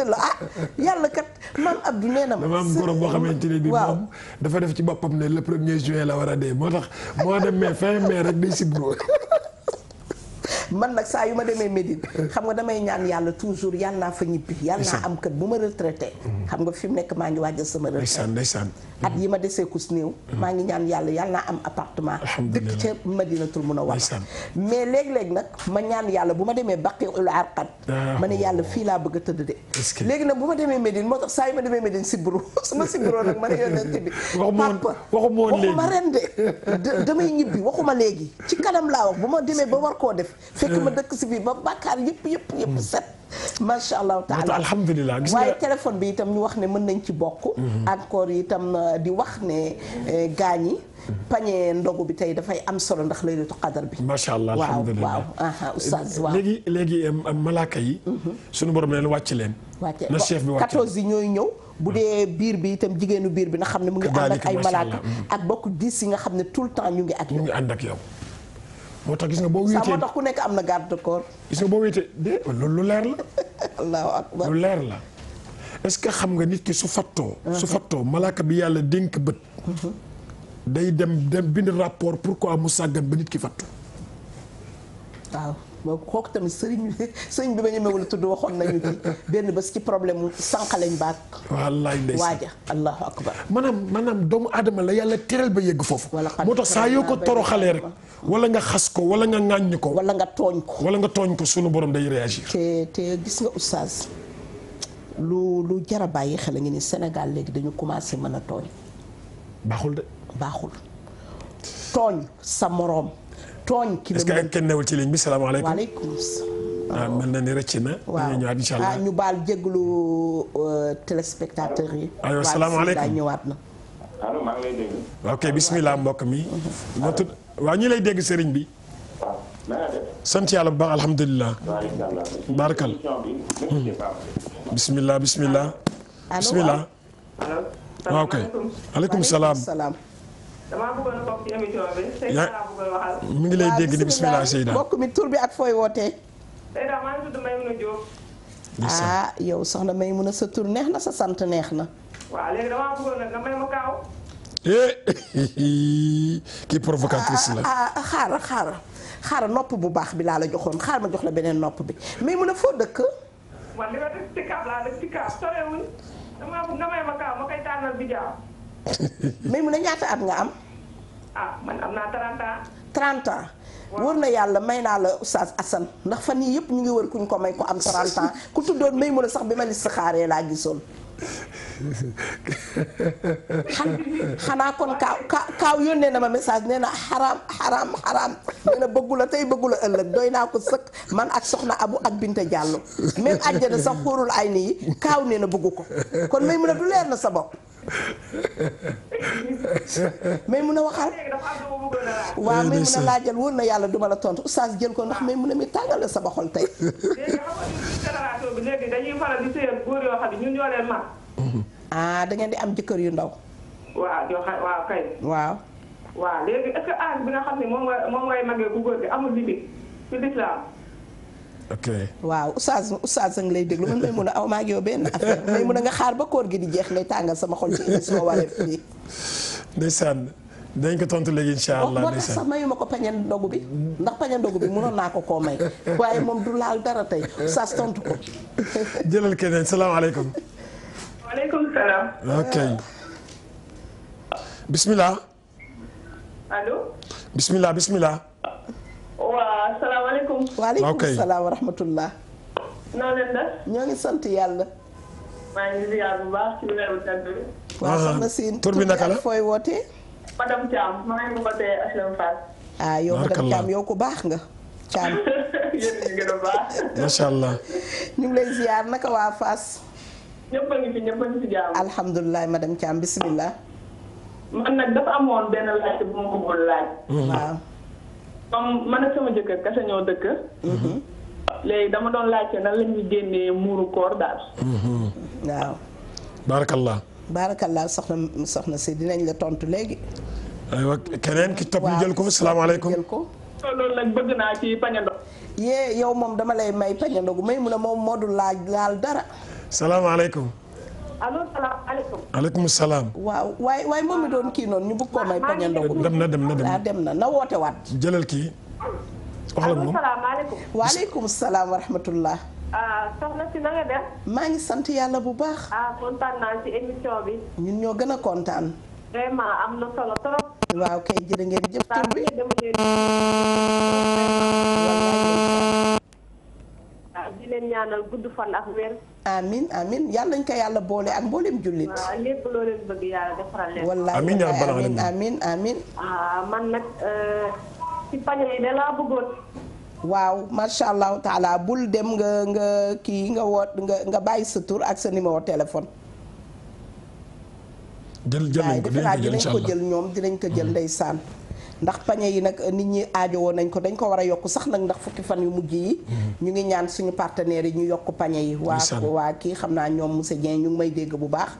la ah yàlla kat maam Abdou nee na ma. dama am góoram boo xamante ne bi moom dafa def ci boppam ne le premier juin la war a dee moo tax mois de mais fin mais rek day sibru man nag saa yu ma demee Médine xam nga damay ñaan yàlla toujours yàlla naa fa ñibbi yàlla naa am kër bu ma retraité xam nga fi mu nekk maa ngi waajal sama retraite ndeysaan at yi ma desee kus néew maa ngi ñaan yàlla yàlla mais léeg-léeg nag ma ñaan yàlla bu ma demee baqi ul arqat ah, ma ne oh. yàlla laa bëgg a tëdd de nag bu ma demee Médine moo tax saa yu ma demee Médine ma ne yonent bi papa waxuma ren de ba koo def fekk ma dëkk si fii ba bàkkaar yëpp yëpp yëpp hmm. set macha allah taala alhamdulilah waaye téléphone bi itam ñu wax ne mën nañ ci bokk hmm. encore tam euh, di wax ne euh, gaañ yi hmm. pañe ndogu bi tey dafay am solo ndax laylatul qadar bi macha allah alhamdulilah waaw waaw oustaz waaw léegi léegi malaaka yi suñu borom leen wàcc leen wàcc na chef bi wàcc 14 yi ñooy ñëw bu dee biir bi itam jigéenu biir bi na xam ne mu ngi ànd ak ay malaaka ak bokk 10 yi nga xam ne tout le temps ñu ngi ak ñu ak yow moo tax gis nga boo wéetee moo tax ku nekk am na garde corps gis lu leer la. lu leer la. est que xam nga nit ki su fattoo. su fattoo malaaka bi yàlla dénk bët. day dem dem bind rapport pourquoi mu sàggan ba nit ki fattu. waaw kooku tamit sëriñ bi sëriñ bi ma tudd waxoon nañu ci benn bés ci problème mu sànqaleñ baag. waa ndeysaan waaja allahu akbar. maanaam maanaam doomu aadama la yàlla teral ba yegg foofu. moo tax saa yoo ko toroxalee rek. wala nga xas ko wala nga ŋàññ ko. wala nga tooñ ko wala nga tooñ ko sunu borom day réagir. te te gis nga oustaz lu lu jar a bàyyi xel nga ni Sénégal léegi dañu commencé mën a tooñ. baaxul de. baaxul tooñ sa moroom. tooñ ki la est-ce que ci ligne bi salaamaaleykum waaleykum ah, salaam. mel na ni rëcc na. waaw ñu ñëwaat incha ah, allah ñu baal jéglu euh, téléspectateurs yi. aywa salaamaaleykum waaw ñëwaat na. allo maa ngi ok bisimilah mbokk mi. Mhm. waa ñi lay dégg sëriñ bi. sant yàlla bu baax alhamdulilah. barakal. bisimilah bisimilah. bisimilah. waaw kay. salaam. damaa mi ngi lay dégg ni tur bi ak fooy wootee. Seyda maa ngi tudd Maymuna Diop. ah yow sa tur neex na sa sant neex na. Eh, kii provocatrice la ah, ah, xaaral xaaral xaaral nopp bu baax bi laa la joxoon xaaral ma jox la beneen nopp bi mais mun a foo dëkk. man li ma may mun a ñaata at nga am. Ah, man am naa 30 ans. 30 wër na yàlla may naa la oustaz Assane ndax fan nii yëpp ñu ngi wër kuñ ko may ko am 30 ans ku tuddoon may mun a sax bi ma listixaaree laa gisoon. xanaa kon kaaw kaaw yónnee na ma message nee na xaraam xaraam xaraam nee na bëggu tey bëggu la ëllëg doy naa ko sëkk man ak soxna abu ak Binta Diallo même àjjana sax xóorul ay nii kaaw nee na bëggu ko kon may mun a du leer na sa bopp mais mun a waxal. waaw mais mun a laajal wóor na yàlla duma la tontu oustaz jël ko ndax mais mun a mi tàngal la sama xol tey. léegi dañuy faral di sëyal góor yoo xam ñun ñoo leen mag. ah da di am jëkkër yu ndaw. waaw joo xam waaw kay. waaw. léegi est-ce bi nga xam ne moom ngay moom ngay magee ku góor gi amul limite ci lislaam ok waaw oustaz oustaz a ngi lay déglu man may mun a aw maa benn affaire may mun a nga xaar ba koor gi di jeex ngay tàngal sama xol ci émission Wareef bi. ndeysaan dañ ko tontu léegi incha oh, allah moo tax sax ko pañe ndogu bi ndax pañe ndogu bi mënoon naa ko may waaye moom du laal dara tey oustaz tontu ko. jëlal keneen salaamaaleykum. salaam. ok. bismillah. allo. bismillah waaw salaamaaleykum. waaleykum salaam wa rahmatullah. leen def. ñoo ngi sant yàlla. maa ngi ziar bu baax ci weeru tedd bi. waaw ah, soxna si tur bi naka la fooy wootee. madame Thiam maa ngi wootee ah, baax nga. Thiam yéen a ngi lay ziar naka waa Fass. ñëpp a ngi fi bisimilah. man nag dafa amoon benn laaj bu ma bëggoon laaj. Hmm. waaw. comme man ak sama jëkkër kese ñoo dëkk. Mhm. léegi dama doon laaj nan la ñuy génnee muuru koor daal. Mhm. waaw. baarakallah. baarakallah soxna soxna si dinañ la tontu léegi. aywa keneen ki topp ñu jël ko salaamaaleykum jël ko. loolu nag bëgg naa ci pañe ndox. yee yow moom dama lay may pañe ndogu may mu ne moom moo dul laaj laal dara. salaamaaleykum. allo salaamaaleykum. aleykum salaam. waaw waaye waay moom mi doon kii noonu ñu bëgg koo may pañe ndogu. dem na dem na dem na ah, dem na na woote waat. jëlal kii. wax la moom salaamaaleykum. waaleykum ah, na bu baax. ah bi. ñun ñoo gën a kontaan. vraiment na waaw kay jërë ngeen jëf tur bi. ñaanal gudd fan amin amin yàlla nañu ko yàlla boole ak mboolem jullit. waaw lépp loo leen bëgg allahu taala bul dem nga nga kii nga woot nga nga bàyyi sa tur ak sa numéro téléphone. jël jël ko dinañ ko jël incha dinañ ko jël ñoom dinañ ndax pañe yi nag nit ñi aajo woon nañ ko dañ ko war a yokk sax nag ndax fukki fan yu mujj yi mhm. ñu ngi ñaan suñu partenaires yi ñu yokk pañe yi waa waa kii xam naa ñoom monsieur Dieng ñu ngi may dégg bu baax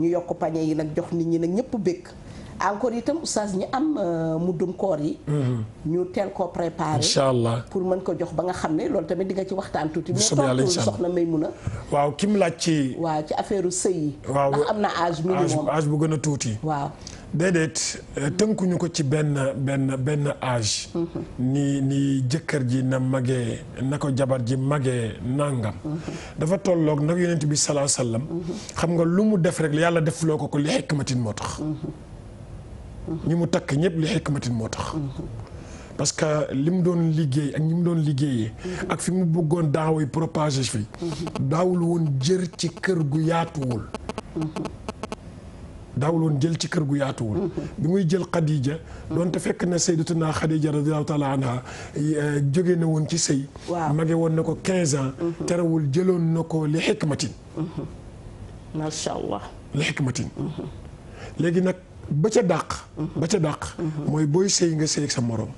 ñu yokk pañe yi nag jox nit ñi nag ñëpp békk encore tam oustaz ñi am euh, muddum koor yi. Mhm. ñu teel koo préparé. incha allah pour man ko jox ba nga xam ne loolu tamit di nga ci waxtaan tuuti. mais tontu soxna Maymuna. waaw ki mu laaj ci. waaw ci affaire sëy yi. waaw ndax am na âge minimum âge bu gën a tuuti. waaw déedéet euh, tënkuñu ko ci benn benn benn âge. Mhm. ni ni jëkkër ji na magee na ko jabar ji magee nangam. Mhm. dafa tolloog nag yonent bi salaa sallam. xam nga lu mu def rek yàlla defloo ko ko li xikmatin moo tax. ñi mu takk ñëpp li xikmatin moo tax. parce que li mu doon liggéey ak ñi mu doon liggéeyee. ak fi mu bëggoon daaway propagé fi. daawul woon ci kër gu yaatuwul. daawul jël ci kër gu yaatuwul. bi muy jël Khadija. doonte fekk na Sayyidatuna Khadija radiyallahu taala anha jóge na woon ci sëy. waaw mage woon na ko 15 ans. terewul jëloon na ko li xikmatin. li xikmatin. léegi nag. ba ca dàq. ba ca dàq. mooy booy sëy nga sëy ak sa moroom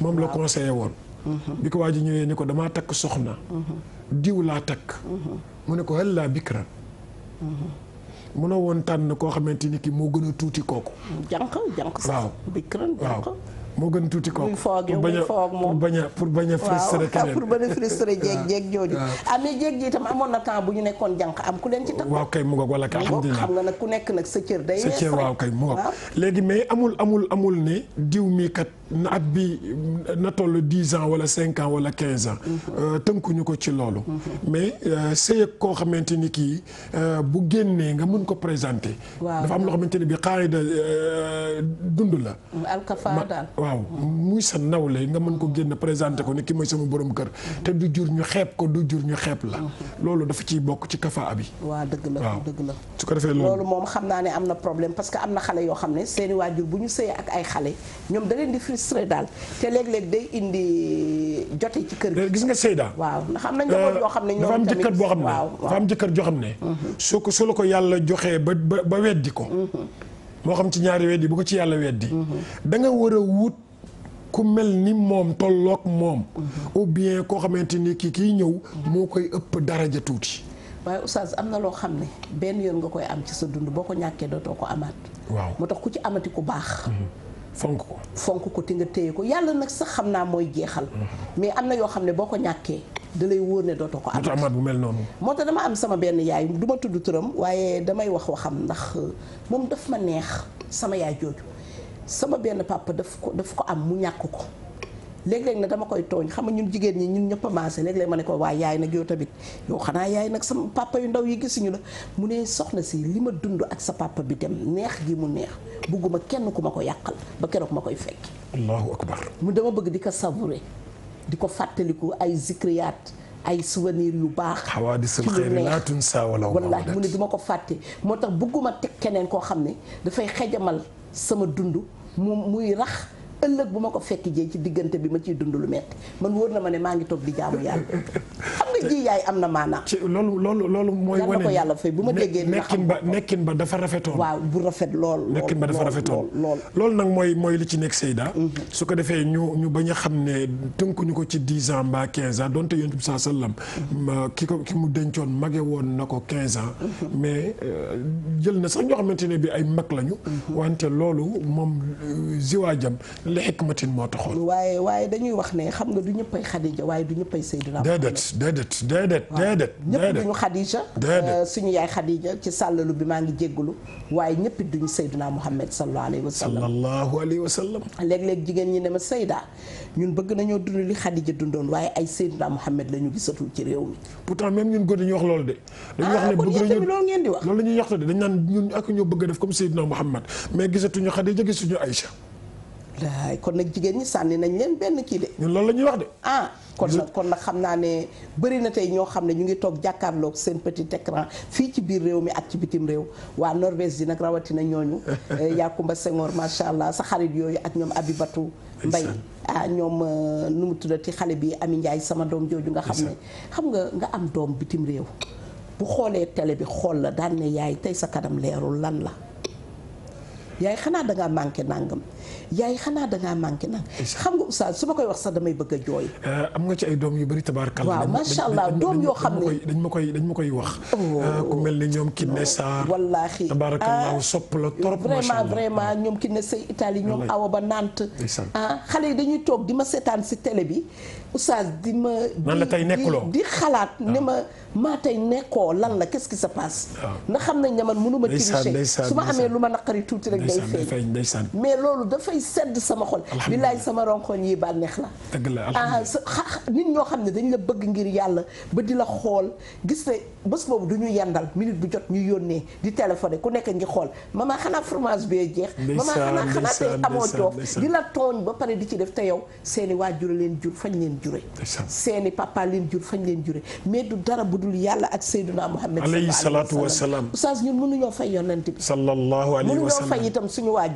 moom la conseillé woon. Mhm. bi ko waa ji ñëwee ni ko damaa takk soxna. Mhm. diw laa takk. Mhm. mu ne ko hal laa bikran. mënoo woon tànn koo xamante ni ki moo gën a tuuti kooku. jànq jànq sax. waaw jànq. moo gën tuuti kooku pour bañ a pour bañ a pour a frustré jeeg jeeg jooju ah mais jeeg ji itam amoon na temps bu ñu nekkoon jànq am ku leen ci takk waaw kay mu ngoog wala xam nga nag ku nekk nag sa cër day sa cër waaw kay mu léegi mais amul amul amul ne diw mi kat na at bi na toll dix ans wala cinq ans wala quinze ans mhm. euh, tënkuñu ko ci loolu mhm. mais euh, sëy koo xamante ni kii euh, bu génnee nga mun ko présenter dafa am loo xamante ni bi xaarida dund la alkafa waaw muy sa nawle nga mën ko génn présenté ko ne mooy sama borom kër te du jur ñu xeeb ko du jur ñu xeeb la loolu dafa ciy bokk ci kafaa bi waaw dëgg la dëgg la su ko defee loolu moom xam naa ne am na problème parce que am na xale yoo xam ne seeni waajur bu ñu sëyee ak da leen di frustré daal te léeg-léeg day indi jote ci kër gi gis nga sëyda waaw ndax am na njaboot euh, yoo xam ne dafa am jëkkër boo xam ne dafa am mhm. ko su la ko yàlla joxee ba ba weddi ko mhm. moo xam ci ñaari weddi bu ko ci yàlla weddi da nga war a wut ku mel ni moom tolloog moom mhm. ou bien koo xamante ni kii kii ñëw moo koy ëpp daraja tuuti waaye oustaz am na loo xam ne benn yoon nga koy am ci sa dund boo ko ñàkkee dootoo ko amaat moo tax ku ci amati ku baax mhm. fonk ko fonk ko te nga téye ko yàlla nag sax xam naa mooy jeexal mhm. mais am na yoo xam ne boo ko ñàkkee da lay wóor ne dootoo ko amaat bu mel noonu. moo tax dama am sama benn yaay du ma tudd turam waaye damay wax waxam ndax euh, moom daf ma neex sama yaay jooju sama benn papa daf ko daf ko am mu ñàkk ko. léeg-léeg nag dama koy tooñ xam nga ñun jigéen ñi ñun ñëpp a maase léeg ma ne ko waaye yaay nag yow xanaa yaay nag sama yu ndaw yi gisuñu la mu ne soxna si li ma dund ak sa papa bi dem neex gi mu neex bugguma kenn ku ma ko yàqal ba keroog ma koy fekk. allahu mu dama bëgg di ko savourer. di ko fàttaliku ay zikriyaat ay souvenir yu baax. di ci lu neex wallaahi mu ne du ma ko fàtte moo tax bëgguma teg keneen koo xam ne dafay xejamal sama dund mu muy rax. ëllëg bu ma ko fekk jee ci diggante bi ma ciy dund lu metti man wóor na ma ne ngi toog di jaamu yàlla xam nga ji na maanaam. ci loolu loolu mooy. wane yàlla fay bu ma déggee. nekkin ba nekkin ba dafa rafetoon. waaw bu rafet lool nekkin ba dafa rafetoon lool loolu nag mooy mooy li ci nekk Seyda. Mhm. su ko defee ñu ñu bañ xam ne tënkuñu ko ci 10 ans mbaa 15 ans donte yonent bi saa sallam mhm. ki ko ki mu dencoon mage woon na ko quinze ans. Mhm. mais euh, jël na sax ñoo xamante ne bi ay mag lañu. wante loolu moom euh, ziwaajam li xikmatin moo taxoon. waaye waaye dañuy wax ne xam nga du ñëppay xadija waaye du ñëppay Seydina. déedéet déedéet déedéet déedéet. ñëpp duñu xadija. Euh, suñu yaay xadija ci sàllalu bi maa ngi jéggalu waaye ñëpp it duñu Seydina Muhammad sallallahu alayhi wa sallam. sallallahu alayhi wa sallam. léeg-léeg jigéen ñi ne ma Seyda ñun bëgg nañoo dund li xadija dundoon waaye ay Seydina Muhammad la ñu gisatul ci réew mi. pourtant même ñun góor dañuy wax loolu de. dañuy wax ne ah, bëgg nañu loolu ngeen di wax. loolu la ñuy wax de dañu naan ñun ak ñoo bëgg a def comme Seydina Muhammad mais gisatuñu xadija gisuñu Aïcha laay kon nag jigéen ñi sànni nañ leen benn kii de. ñun loolu la ñuy wax de. ah kon nag kon nag xam naa ne bëri na tey ñoo xam ne ñu ngi toog jàkkaarlook seen petit écran fii ci biir réew mi ak ci bitim réew waa Norvège yi nag rawatina ñooñu. Eh, Yakumba Senghor macha allah sa xarit yooyu ak ñoom Abibatu Mbay ah ñoom euh, nu mu tuddati xale bi Ami Ndiaye sama doom jooju nga xam ne. xam nga nga am doom bitim réew. bu xoolee tele bi xool la daan ne yaay tey sa kanam leerul lan la. yaay xanaa dangaa manqué nangam yaay xanaa dangaa manqué nangam. xam nga oustaz su ma koy wax sax damay bëgg a jooy. Euh, am nga ci ay doom yu bëri tabaarkalla. waaw macha allah doom xam ne dañ ma koy dañ ma koy wax. Oh. Euh, ku mel ni ñoom Kiné oh, Sarr. wallaahi tabaarkalla ah, sopp la trop. vraiment vraiment ñoom Kiné Sarr Italie ñoom Awa ba Nantes. ah xale yi dañuy toog di ma seetaan si télé bi oustaz di ma. nan la tey nekkuloo di xalaat ne ah. ma. maa tey nekkoo lan la qu'est-ce qui se ah. ndax xam nañ ne man mënu ma tricher su ma amee lu ma naqari tuuti rek day feeñ mais loolu dafay sedd sama xol billaay sama ronkoñ yi bànneex la dëgg la ah nit ñoo xam ne dañ la bëgg ngir yàlla ba di la xool gis ne bés boobu du ñu yendal minute bu jot ñu yónnee di téléphoné ku nekk ngi xool ma maman xanaa fromage bee jeex maman xanaa xanaa tey amoo joof di la tooñ ba pare di ci def te yow seeni waajur leen jur fañ leen jure seeni papa leen jur fañ leen jure dul yàlla ak sayduna muhammad alayhi salaatu wasalaam oustaz ñun mënuñoo fay yonent bi sallallahu alayhi wa sallam mënuñoo fay itam suñu ah.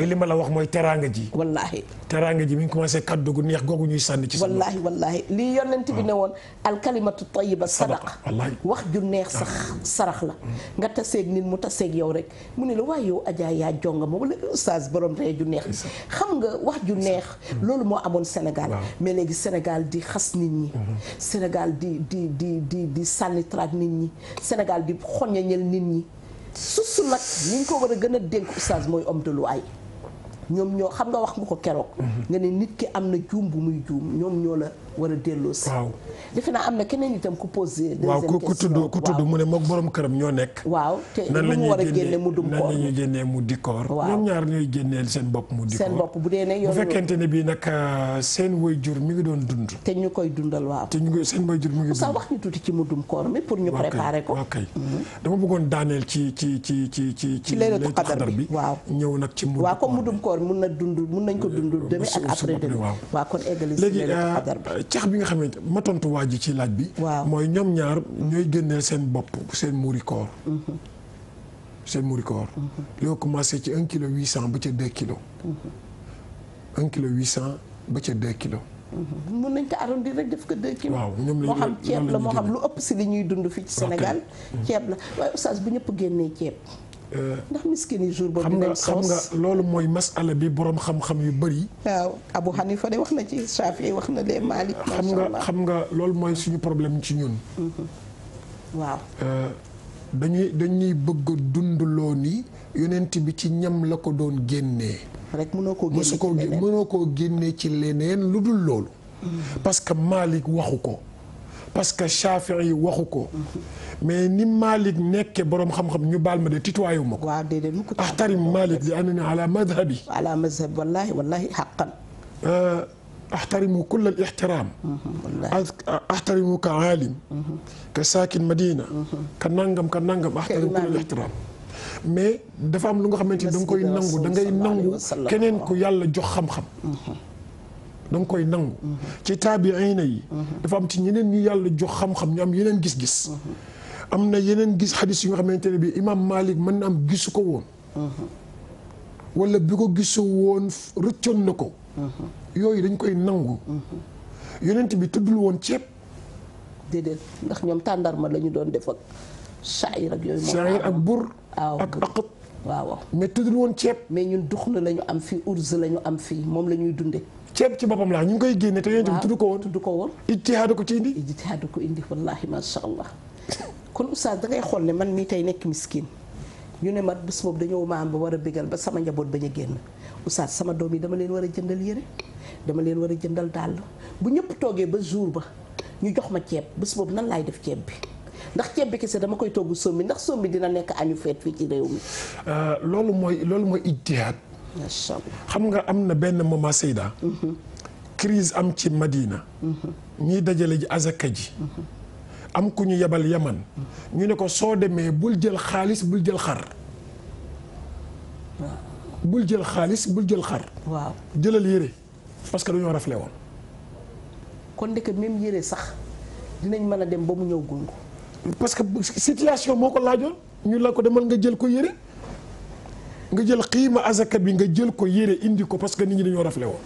li ma la wax mooy teraanga ji wallaahi teraanga ji mi ngi commencé kaddu gu neex googu ñuy sànni ci wallaahi wallaahi lii yonent bi ah. ne woon alkalimatu tayiba sadaqa wax ah. la mm. nga taseeg nit mu taseeg yow rek mu ne la waaye yow ajaa yaa jonga ma wala oustaz borom ree ju neex xam nga wax ju neex mm. loolu moo amoon Sénégal mais léegi Sénégal di xas nit ñi mm-hmm. Sénégal di di di di di sànni traak nit ñi Sénégal di xoñañal nit ñi susu nag ni ñu ko war a gën a dénk oustaz mooy homme de loi ñoom ñoo xam nga wax nga ko keroog. Mhm. nga ne nit ki am na juum bu muy juum ñoom ñoo la. war a delloo si. waaw defe naa am na keneen itam ku posé. deuxième question waaw ku tudd ku tudd mu ne moom borom këram ñoo nekk. waaw te nan mu war a génne mu dum koor mu di koor. waaw ñoom ñaar ñooy génneel seen bopp mu di koor. seen bopp bu dee ne yow bu fekkente ne bii nag euh, seen jur mi ngi doon dund. te ñu koy dundal waaw. te ñu koy seen waajur mi ngi dund. sax ñu tuuti ci mu dum koor mi pour ñu préparer ko. ok mhm. dama bëggoon daaneel ci ci ci ci ci. ci leeratu xadar bi waaw ñëw nag ci mu waaw comme mu dum koor mun na dund mun nañ ko dund euh, demi ak après demi waaw kon eggali si leeratu euh, xadar bi cax bi nga xamante ma tontu waa ji ci laaj bi. waaw mooy ñoom ñaar ñooy génneel seen bopp seen muuri mm-hmm. seen muuri koor. li mm-hmm. ko commencé ci un kilo huit cent ba ca deux kilos. Mm-hmm. un kilo huit cent ba ca kilo kilos. mën nañ ko arrondir rek def ko deux kilos. ñoom moo xam ceeb la moo xam lu ëpp si li ñuy dund fii ci Sénégal. ceeb la waaye oustaz bu ñëpp génnee ceeb. Euh, ndax miskin jour boobu xam nga xam nga loolu mooy masala bi borom xam-xam yu bëri. waaw Abu Hanifa de wax na ci Shafi wax na lee Malik. xam nga xam nga loolu mooy suñu problème ci ñun. Mhm. waaw. Euh, dañuy dañuy bëgg dundaloo ni yonent bi ci ñam la ko doon génnee. rek mënoo koo génnee ci leneen mënoo koo génnee ci leneen lu dul loolu. Mhm. parce que waxu ko. parce que Chafii yi waxu ko. mais ni Malik nekke borom xam-xam ñu baal ma de titwaayu ma ko. waaw déedéet mu ko axtarim Malik li anani ala madhabi. ala madhab wallaahi wallaahi xaqan. Euh, axtarimu mhm, ka aalim. Mhm. ka saakin Madina. Mhm. ka nangam ka nangam axtarimu kulla al ixtiraam. mais dafa am lu nga xamante ni da nga koy nangu keneen ku yàlla jox xam-xam. da nga koy nangu. ci taabi'iina yi. dafa am ci ñeneen ñu yàlla jox xam-xam ñu am yeneen gis-gis. am na yeneen gis xadis yu nga xamante ne bi imaam Malik mën na am gisu ko woon. wala bi ko gisu woon rëccoon na ko. yooyu dañ koy nangu. yonent bi tuddul woon ceeb. déedéet ndax ñoom tàndarma la ñu doon def ak saayir ak yooyu. saayir ak bur waaw mais tuddul woon ceeb. mais ñun dux la lañu am fii urz la am fii moom la ñuy dundee. ceeb ci boppam laa ñu ngi koy génne te yonent bi tudd ko woon tudd ko woon ijtihaadu ko ci indi ijtihaadu ko indi wallaahi macha allah kon oustaz dangay xool ne man mii tey nekk miskin ñu ne mat bés boobu dañoo maam ba war a bégal ba sama njaboot bañ a génn oustaz sama doom yi dama leen war a jëndal yére dama leen war a jëndal dàll bu ñëpp toogee ba jour ba ñu jox ma ceeb bés boobu nan laay def ceeb bi ndax ceeb bi kese dama koy togg sombi ndax sombi dina nekk añu feet ci réew mi euh, loolu mooy loolu mooy ijtihaad xam nga am na benn moment Seyda. Mhm. crise am ci Madina. Mhm. ñiy dajale ji azaka ji. Mhm. am ku ñu yebal yaman ñu ne ko soo demee bul jël xaalis bul jël xar. bul jël xaalis bul jël xar. waaw jëlal yére parce que dañoo raflé woon. kon ndeke même yére sax dinañ mën a dem ba mu ñëw gungu. parce que situation moo ko laajoon ñu la ko demal nga jël ko yére. nga jël xiima azaka bi nga jël ko yére indi ko parce que nit ñi dañoo raflé woon.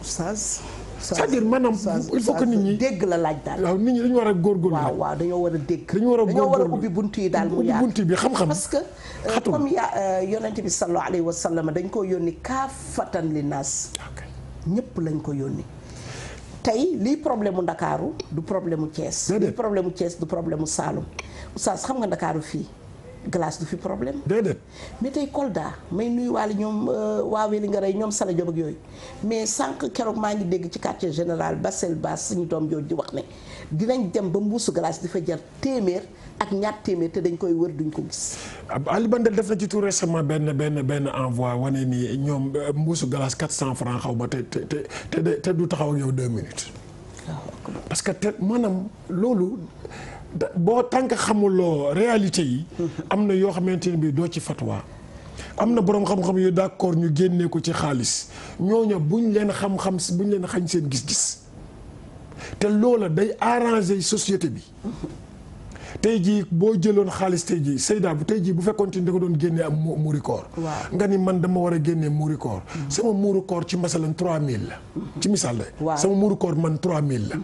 oustaz. c'est-à-dire maanaam il ñi dégg la laaj daal. waaw nit ñi war a góorgóorlu. waaw waaw dañoo war a dégg. dañu war a góorgóorlu dañoo war a ubbi buntu yi daal mu yaatu ubbi buntu euh, euh, wa sallam dañ ko yónni kaafatan li naas. ñëpp lañ ko yónni. tey lii problème mu Ndakaaru du problème mu Thiès. problème mu Thiès du problème mu Saalum oustaz xam nga Ndakaaru fii glace du fi problème. déedéet mais tey Kolda may nuyuwaale ñoom euh, waa Wélingara yi ñoom Sala Diop ak yooyu mais sànq keroog maa ngi dégg ci quartier général ba Bassel Bass suñu doom jooju di wax ne dinañ dem ba mbuusu glace di fa jar téeméer ak ñaar téeméer te dañ koy wër duñ ko gis. Ali Bandel def na ci tout récemment benn benn benn envoi wane ni ñoom euh, mbuusu glace cent francs xaw ma te te te du taxaw ak yow 2 minutes. Ah, parce que te maanaam loolu. boo tànk xamuloo réalité yi mm-hmm. am na yoo xamante ne bi doo ci fatwa am na boroom xam-xam yu d'accord ñu génnee ko ci xaalis ñooña buñ leen xam-xam buñ leen xañ seen gis-gis te loola day arranger société bi mm-hmm. tey jii boo jëloon xaalis tey jii Seyda bu tey jii bu fekkoon ne da nga doon génnee am muuri koor nga ni man dama war a génnee muuri koor mm-hmm. sama muuru koor ci masalan 3000 la. ci misaal la sama muuru koor man 3000 la.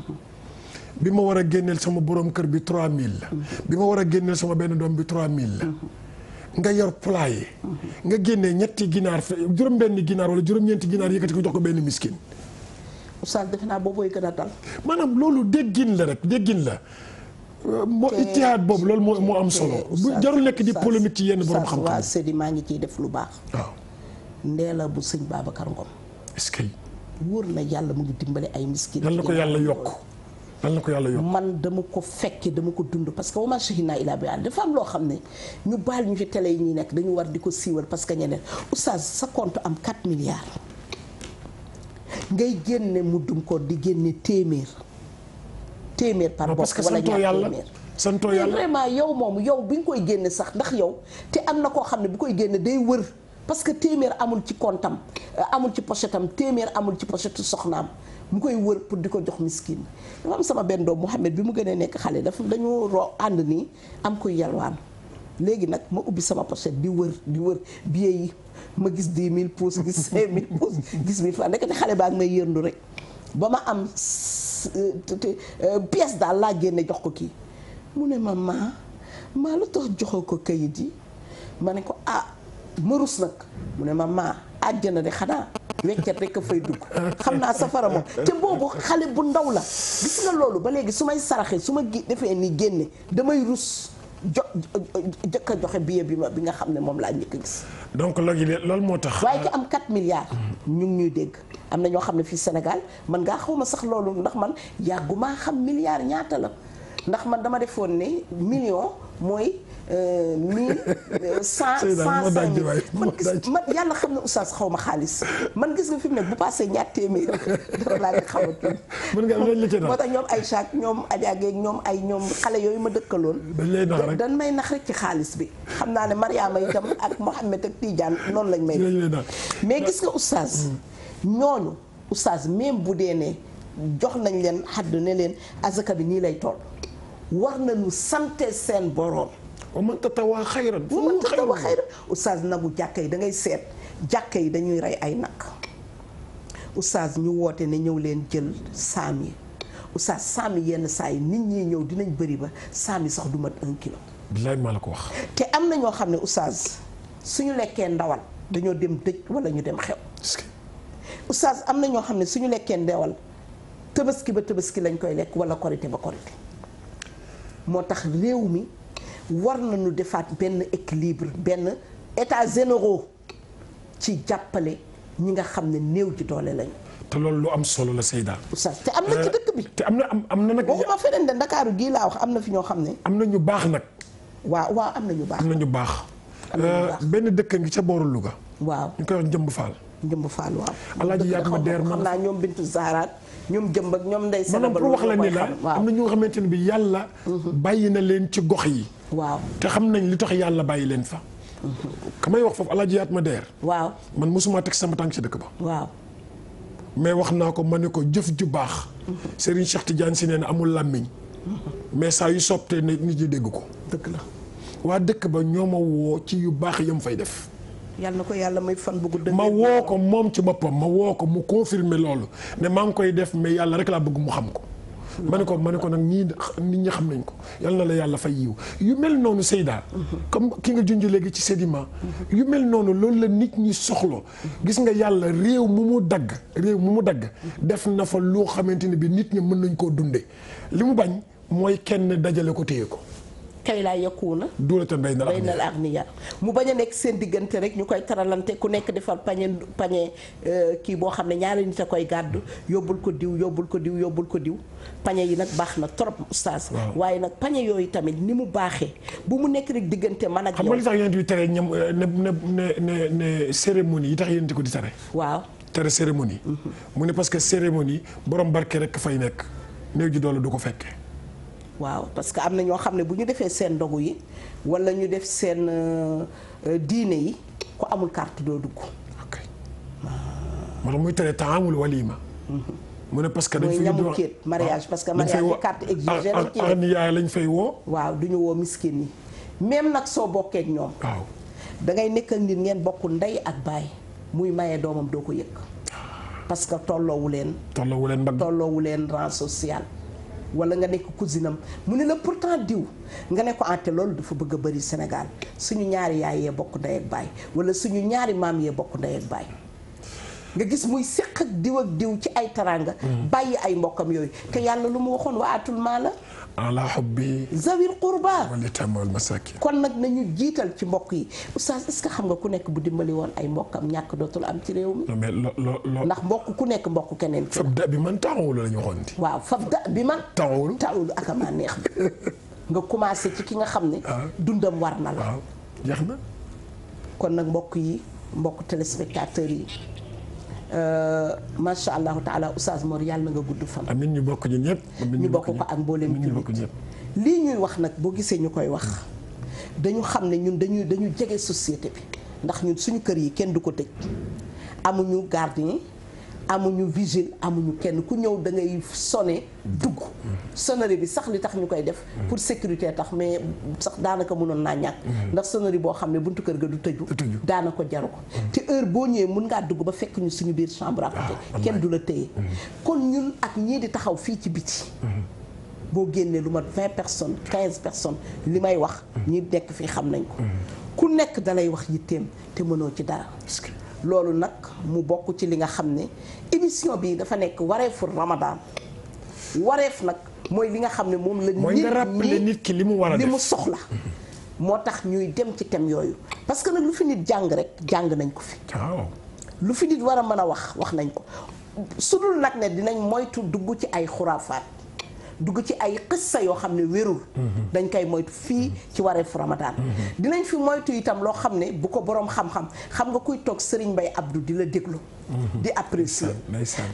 bi ma war a génneel sama boroom kër bi 3000 mille bi ma war a génneel sama benn doom bi 3000 la. nga yor poulailler. nga génnee ñetti ginaar juróom benn ginaar wala juróom-ñeenti ginaar yëkkati ko jox ko benn miskin. oustaz defe naa boobooy gën a dal. maanaam loolu déggin la rek déggin la. Euh, moo ittihaad boobu loolu moo moo am solo. bu jarul nekk di polémique ci yenn borom xam-xam. waa maa ngi ciy def lu baax. waaw. ndeela bu sëñ Babacar Ngom. est-ce que. wóor na yàlla mu ngi dimbale ay miskin. yàlla ko yàlla yokk. na ko yàlla yokk man dama ko fekke dama ko dund parce que wama shahidna illa bi dafa am loo xam ne ñu baal ñu fi tele yi ñuy nekk dañu war di ko siiwal parce que ñeneen oustaz sa compte am 4 milliards ngay génne muddum ko di génne téeméer téeméer par bopp wala ñaar téeméer santoo yàlla vraiment yow moom yow bi nga koy génne sax ndax yow te am na koo xam ne bu koy génne day wër parce que téeméer amul ci kontam amul ci pochetam téeméer amul ci pochetu soxnaam mu koy wër pour di ko jox miskin dafa am sama benn doom Mouhamed bi mu gënee nekk xale dafa dañoo ro ànd nii am koy yalwaan léegi nag ma ubbi sama pochette di wër di wër billet yi ma gis 10 000 pouces gis 5 000 pouces gis 1000 francs ndekete xale baa ngi may yërndu rek ba ma am euh, euh, pièce daal laa génne jox ko kii mu ne ma maa maa lu tax joxoo ko kayit yi ma ne ko ah ma rus nag mu ne ma maa àjjana de xanaa weccet rek fay dugg xam naa safara moom te boobu xale bu ndaw la gis nga loolu ba léegi su may saraxee su ma gi defee ni génne damay rus jo jëkk joxe billet bi ma bi nga xam ne moom laa njëkk gis. donc loolu loolu moo tax. waaye ki am 4 milliards. ñu ngi ñuy dégg am na ñoo xam ne fii Sénégal man ngaa xaw ma sax loolu ndax man yàggumaa xam milliards ñaata la ndax man dama defoon ne million mooy. Euh, mille euh, cent cent cinq mille man gis man yàlla xam ne oustaz xaw ma xaalis man gis nga fi mu nekk bu passé ñaar téeméer dara laa leen xawatul mën nga la ca moo tax ñoom ay chaque ñoom ajageeg ñoom ay ñoom xale yooyu ma dëkkaloon dañ lay nax rek dañ may nax rek ci xaalis bi xam naa ne Mariama itam ak Mohamed ak Tidiane noonu lañ may mais gis nga oustaz mm. ñooñu oustaz même bu dee ne jox nañ leen xadd ne leen azaka bi nii lay toll war nañu sante seen boroom wa man tatawaa xayran. wa man tatawaa xayran oustaz nagu jàkka yi da ngay seet jàkka yi dañuy rey ay nag oustaz ñu woote ne ñëw leen jël saam yi oustaz saam yi yenn saa yi nit ñi ñëw dinañ bëri ba saam yi sax du mat un kilo. bilaay maa la ko wax. te am na ñoo xam ne su ñu lekkee ndawal dañoo dem dëj wala ñu dem xew. oustaz am na ñoo xam ne suñu lekkee ndawal tabaski ba tëbëski lañ koy lekk wala korité ba korité moo tax réew mi. war nañu defaat benn équilibre benn état généraux ci jàppale ñi nga xam ne néew ji doole lañu. te loolu lu am solo la Seyda. oustaz te am na ci dëkk am na am na nag. waxuma feneen de gii laa am na fi ñoo xam ne. am na ñu baax nag. waaw waaw am na am na ñu baax. Euh, benn dëkk ngi ca booru Louga. waaw ñu koy wax Njëmb Fall. Njëmb Fall waaw. alaaji yaat ma deer man xam naa ñoom Bintu Zaraat ñoom jëmb ak ñoom. ndey Sénégal maanaam pour wax la ni la am na ñu nga xamante ni bi yàlla. Mhm. bàyyi na leen ci gox yi. waaw te xam nañ li tax yàlla bàyyi leen fa. may wax foofu alaaji yaat ma deer waaw man mosuma teg sama tànk ci dëkk ba. waaw. mais wax naa ko ma ne ko jëf ju baax. Serigne Cheikh Tidiane si ne amul làmmiñ. mais saa yu soptee nit ñi dégg ko. dëkk la waa dëkk ba ñoo ma woo ci yu baax yam fay def. yàlla na ko yàlla may fan bu gudd. ma woo ko moom ci boppam ma woo ko mu confirmer loolu ne maa ngi koy def mais yàlla rek laa bëgg mu xam ko. ma ne ko ma ne ko nag nii nit ñi xam nañ ko yal na la yàlla fay yiw yu mel noonu Seyda comme ki nga junj léegi ci sédiment yu mel noonu loolu la nit ñi soxlo gis nga yàlla réew mu mu dagg réew mu mu dagg def na fa loo xamante ne bi nit ñi mën nañ koo dunde li mu bañ mooy kenn dajale ko téye ko kay laa yokkuwu na duulata mbay nal armiya mu bañ a nekk seen diggante rek ñu koy taralante ku nekk defal pañe pañe euh, kii boo xam ne ñaari nit a koy gàddu yóbbul ko diw yóbbul ko diw yóbbul ko diw pañe yi nag baax na trop oustaz waaye nag pañe yooyu tamit ni mu baaxee bu mu nekk rek diggante man ak yow xam nga li tax yéen di tere ñam eh, ne ne ne ne cérémonie yi tax yéen di ko di tere waaw tere cérémonie mhm. mu ne parce que cérémonie borom barke rek fay nekk néew ji doole du ko fekke waaw parce que am na ñoo xam ne bu ñu defee seen ndogu yi wala ñu def seen euh, euh, diine yi ku amul carte doo dugg moo tax muy tere taamul walima mhm. mu ne parce que dañ fay ñamu kéet mariage ah, parce que mariage carte exigée la ah, ci an ah, yaay lañ fay woo waaw du ñu woo miskin yi même nag soo bokkee ñoom waaw da ngay nekk ak nit ngeen bokk ndey ak baay muy maye doomam doo ko yëg parce que tolloowu leen tolloowu leen mbagg tolloowu leen rang wala nga nekk cousinam mu ne la pourtant diw nga ne ko ante loolu dafa bëgg a bëri Sénégal suñu ñaari yaay yee bokk ndey ak baay wala suñu ñaari maam yee bokk ndey ak baay nga gis muy séq ak diw ak diw ci ay taranga mm-hmm. bàyyi ay mbokkam yooyu te yàlla lu mu waxoon wa atul maala ala hubbi zawil qurba wal kon nag nañu jiital ci mbokk yi oustaz est-ce xam nga ku nekk bu dimbali woon ay mbokkam ñàkk dootul am ci réew ndax mbokk ku nekk mbokk keneen fabda bi man taawul lañu waxoon waaw fabda bi man taawul taawul ak ma neex nga commencé ci ki nga xam ne ah. dundam war na la ah. jeex kon nag mbokk yi mbokk téléspectateurs yi Euh, macha allahu taala oustaz Mor yàlla nga gudd fan. amiin ñu bokk ñu ñëpp. ñu bokk ko ak mboolem jullit lii ñuy wax nag boo gisee ñu koy wax dañu xam ne ñun dañu dañu jege société bi ndax ñun suñu kër yi kenn du ko tëj amuñu gardien amuñu vigile amuñu kenn ku ñëw da ngay sonné dugg sonnerie bi sax li tax ñu koy def pour sécurité tax mais sax daanaka mënoon naa ñàkk ndax sonnerie boo xam ne buntu kër ga du tëju daanaka jaru ko te heure boo ñëwee mun ngaa dugg ba fekk ñu suñu biir chambre à ah, kenn du la téye mm-hmm. kon ñun ak ñii di taxaw fii ci biti mm-hmm. boo génnee lu mat vingt personnes quinze personnes li may wax ñii nekk fii xam nañ ko mm-hmm. ku nekk dalay wax yitteem te mënoo ci dara loolu nag mu bokk ci li nga xam ne émission bii dafa nekk wareefu Ramadan wareef nag mooy li nga xam ne moom la. mooy nga rappeler nit ki li mu war a def li mu soxla. moo tax ñuy dem ci thème yooyu parce que nag lu fi nit jàng rek jàng nañ ko fi. lu fi nit war a mën a wax wax nañ ko su dul nag ne dinañ moytu dugg ci ay xuraafaat. dugg ci ay xissa yoo xam ne wérul mhm. dañ koy moytu fii mhm. ci wareefu ramadan mhm. dinañ fi moytu itam loo xam ne bu ko boroom xam-xam xam nga kuy toog Serigne Mbaye Abdou di la déglu di apprécier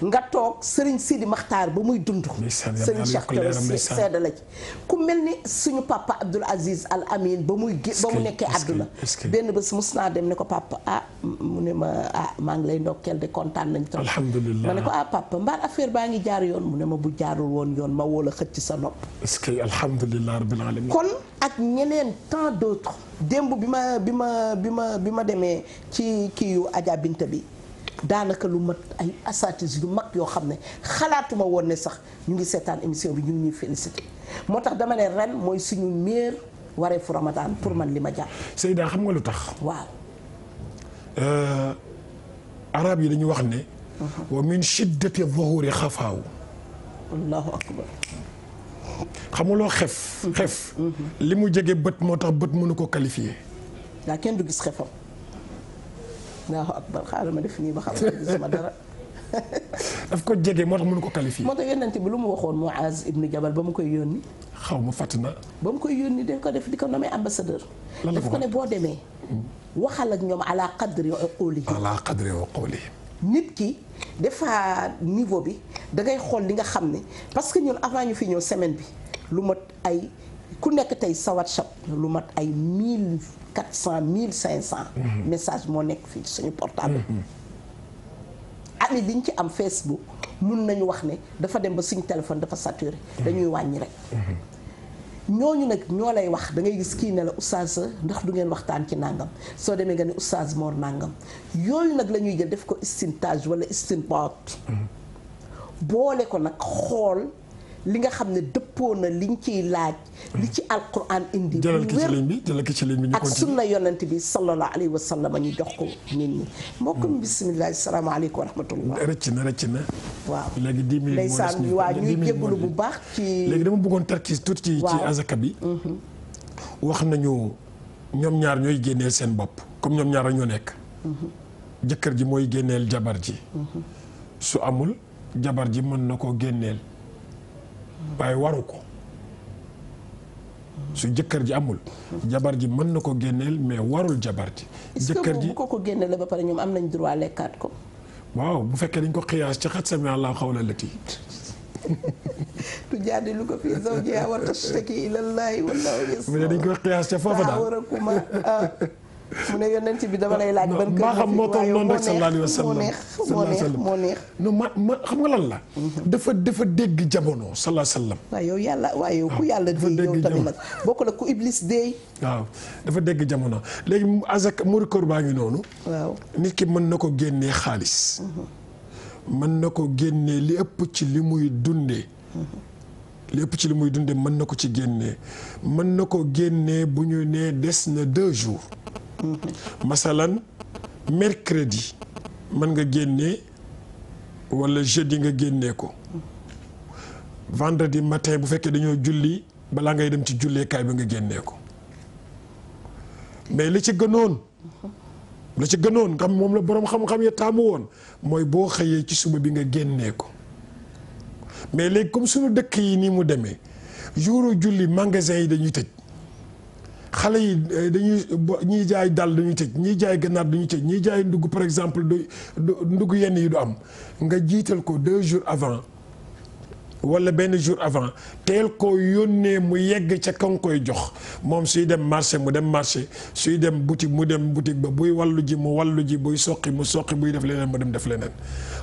nga toog Serigne Sidi Makhtar ba muy dund Serigne Cheikh Touré seede la ci ku mel ni suñu papa Abdoul Aziz Al Amin ba muy ba mu nekkee àdduna benn bés mus naa dem ne ko papa ah mu ne ma ah, maa ngi lay ndokkeel de kontaan nañ trop alhamdulilah ma ah, baa ngi jaar yoon mu ne ma bu jaarul woon yoon ma wóola xëcc sa nopp. est-ce que alhamdulilah rabbil alamin kon ak ñeneen tant d'autres démb bi ma bi bi ma bi ma demee ci kii yu bi daanaka lu mat ay asatis yu mag yoo xam ne xalaatuma woon ne sax ñu ngi seetaan émission bi ñu ngi ñuy moo tax dama ne ren mooy suñu meer wareefu Ramadan pour man li ma jàpp. Seyda xam nga lu tax. waaw. Euh, arab yi dañu wax ne. Mhm. wa min shiddati dhuhuri akbar. xamuloo xef mm-hmm. xef mm-hmm. li mu jege bët moo tax bët mënu ko qualifier daa kenn du gis xefam Allahu akbar xaaral ma def nii ba xam ne gisuma dara daf ko jege moo tax mënu ko qualifier moo tax yonent bi lu mu waxoon Muaz ibn Jabal ba mu koy yónni xaw ma fàtt na ba mu koy yónni daf ko def di ko nommé ambassadeur daf ko ne boo demee mm. waxal ak ñoom ala qadri wa qawli ala qadri wa qawli nit ki des niveau bi da ngay xool li nga xam ne parce que ñun avant ñu fi ñëw semaine bi lu mat ay ku nekk tey sa WhatsApp lu mat ay mille quatre cent mille cinq cent mhm. message moo nekk fii suñu portable mhm. ami liñ ci am Facebook mun nañu wax ne dafa dem ba suñu téléphone dafa sature mhm. dañuy wàññi rek ñooñu nag ñoo lay wax da ngay gis kii ne la oustaz ndax du ngeen waxtaan ci nàngam soo demee nga ni oustaz moor nàngam yooyu nag la ñuy jël def ko istintaaj wala istinbaat mm-hmm. boole ko nag xool li nga xam ne dëppoo na liñ ciy laaj. li ci alquran indi. jëlal ki ci ligne bi jëlal ki ci ligne bi ñu ak sunna yonent bi sallallahu alayhi wa sallam ñu jox ko nit ñi. mbokk mi bisimilah salaamaaleykum wa rahmatullah. rëcc na na. waaw léegi dix mille ndeysaan waa ñuy bu baax ci. léegi dama bëggoon tarki tuuti ci ci azaka bi. Mm-hmm. wax nañu ñoom ñaar ñooy génneel seen bopp comme ñoom ñaar ñoo nekk. Mm-hmm. jëkkër ji mooy génneel jabar ji. Mm-hmm. su amul jabar ji mën na koo génneel. waaye waru ko su jëkkër ji amul. jabar ji mën na ko génneel mais warul jabar ji. jëkkër ji est bu ko ko génneel ba pare ñoom am nañ droit lekkaat ko. waaw bu fekkee dañ ko xiyaas ci xat sami la xawla lati tu jaadi lu ko fii zawjiha wa tashtaki ilallahi wallahu yasma mu ne dañ ko xiyaas ca foofa daal mu ne yonent bi dama lay laaj. ban kër maa xam moo tax noonu rek sallallahu alayhi wa sallam moo neex moo neex non ma ma xam nga lan la. dafa dafa dégg jamono sallallahu alayhi wa sallam. waaw yow yàlla waaw yow ku yàlla. dafa dégg yow tamit nag bokk la ku iblis dee. waaw dafa dégg jamono léegi azak muri kor baa ngi noonu. waaw nit ki mën na ko génnee xaalis. mën na ko génnee li ëpp ci li muy dundee. lépp ci li muy dundee mën na ko ci génnee mën na ko génnee bu ñu nee des na deux jours. masalan mercredi mën nga génnee wala yi nga génnee ko vendredi matin bu fekkee dañoo julli balaa ngay dem ci julleekaay bi nga génnee ko mais li ci gënoon la ci gënoon nga xam moom la boroom xam-xam ya taamu woon mooy boo xëyee ci suba bi nga génnee ko mais léegi comme suñu dëkk yi nii mu demee jouro julli magasin yi dañuy tëj xale yi eh, dañuy bo ñiy jaay dal duñu tëj ñii jaay gànnaar duñu tëj ñiy jaay ndugg par exemple du du ndugg yenn yi du am nga jiital ko deux jours avant wala benn jour avant teel koo yónnee mu yegg ca kan koy jox moom suy dem marché mu dem marché suy dem boutique mu dem boutique ba buy wallu ji mu wallu ji buy soqi mu soqi buy def leneen mu dem def leneen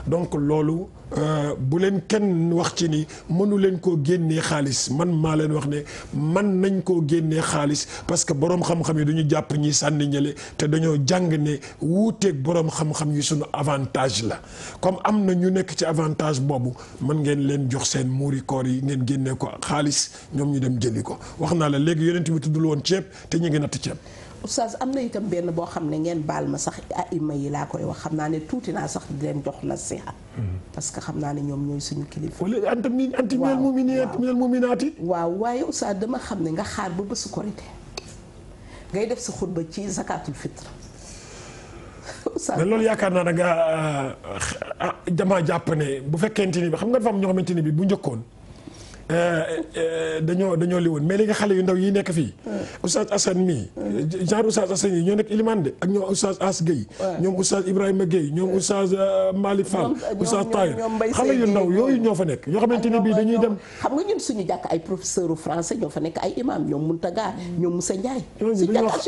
donc loolu euh, bu leen kenn wax ci ni mënu leen koo génnee xaalis man maa leen wax ne man nañ koo génnee xaalis parce que borom xam-xam yi du ñu jàpp ñi sànni njële te dañoo jàng ne wuuteeg borom xam-xam yi suñu avantage la comme am na ñu nekk ci avantage boobu mën ngeen leen jox seen leen muuri koor yi ngeen génnee ko xaalis ñoom ñu dem jëli ko wax naa la léegi yonent bi tuddul woon ceeb te ñu ngi natt ceeb oustaz am na itam benn boo xam ne ngeen baal ma sax aima yi laa koy wax xam naa ne tuuti naa sax di leen jox nasiha parce que xam naa ne ñoom ñooy suñu kilifa wala antam ni anti minal muminat minal waaw waaye oustaz dama xam ne nga xaar ba bésu korite ngay def sa xutba ci zakatul fitre mais loolu yaakaar naa nag euh, ah, damaa jàpp ne bu fekkente ni bi xam nga dafa am ñoo xamante ni bi bu njëkkoon. Eh, eh, dañoo dañoo li woon mais léegi xale yu ndaw yi nekk fii hmm. oustaz Assane mii eh, genre oustaz Assane yi ñoo nekk Ilimane de ak ñoom oustaz As Gueye ñoom oustaz Ibrahima Gueye ñoom oustaz euh, Malick Fall oustaz Tahir xale yu ndaw yooyu ñoo fa nekk yoo xamante ni bii dañuy dem xam nga ñun suñu ay professeur français ñoo fa nekk ay imam ñoom Mountaga hmm. ñoom Moussa Ndiaye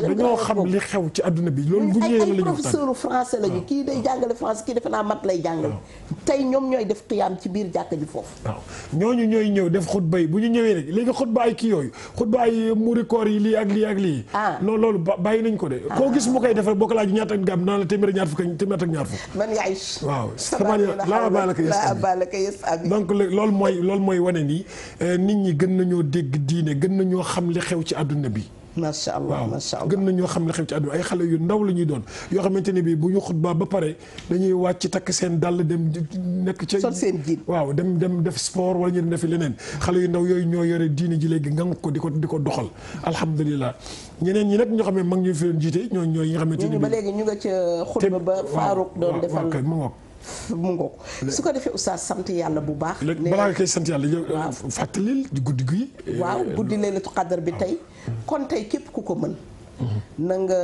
dañoo xam li xew ci àdduna bi loolu bu ñëwee la ñu ah. kii day ah. jàngale français mat lay jàngale ah. tey ñoom ñooy def qiyaam ci biir jàkk ji foofu ñooñu ñooy ñëw def xutba yi bu ñu ñëwee nag léegi xutba ay kii yooyu xutba ay muri koor yi lii ak lii ak lii non ah. loolu bàyyi nañ ko de ah. koo gis mu koy defal boo ko laaj ñaata ak gàmm naa la téeméer ñaar fukk téeméer ak ñaar fukk man yaay waaw laa abalaka yes ami donc loolu mooy loolu mooy wane ni eh, nit ñi gën nañoo dégg diine gën nañoo xam li xew ci àdduna bi macha allah macha allah gën nañoo xam ne xew ci àdduna ay xale yu ndaw la ñuy doon yoo xamante ne bii bu ñu xutba ba pare dañuy wàcc takk seen dàll dem nekk ca. sol seen jiit waaw dem dem def sport wala ñu dem defi leneen xale yu ndaw yooyu ñoo yore diini ji léegi ngang ko di ko di ko doxal alhamdulilah ñeneen ñi nag ñoo xam ne mag ñu fi jiite ñoo ñooy yi nga xamante ne bii. ba léegi ñu nga ca xutba ba Farouk doon defal mu ngoog su ko defee oustaz sant yàlla bu baax. léegi balaa nga koy sant yàlla yow. waaw fàttalil guddi gi. waaw guddi euh, laylatul qadar bi tey. kon tey képp ku ko mën. na nga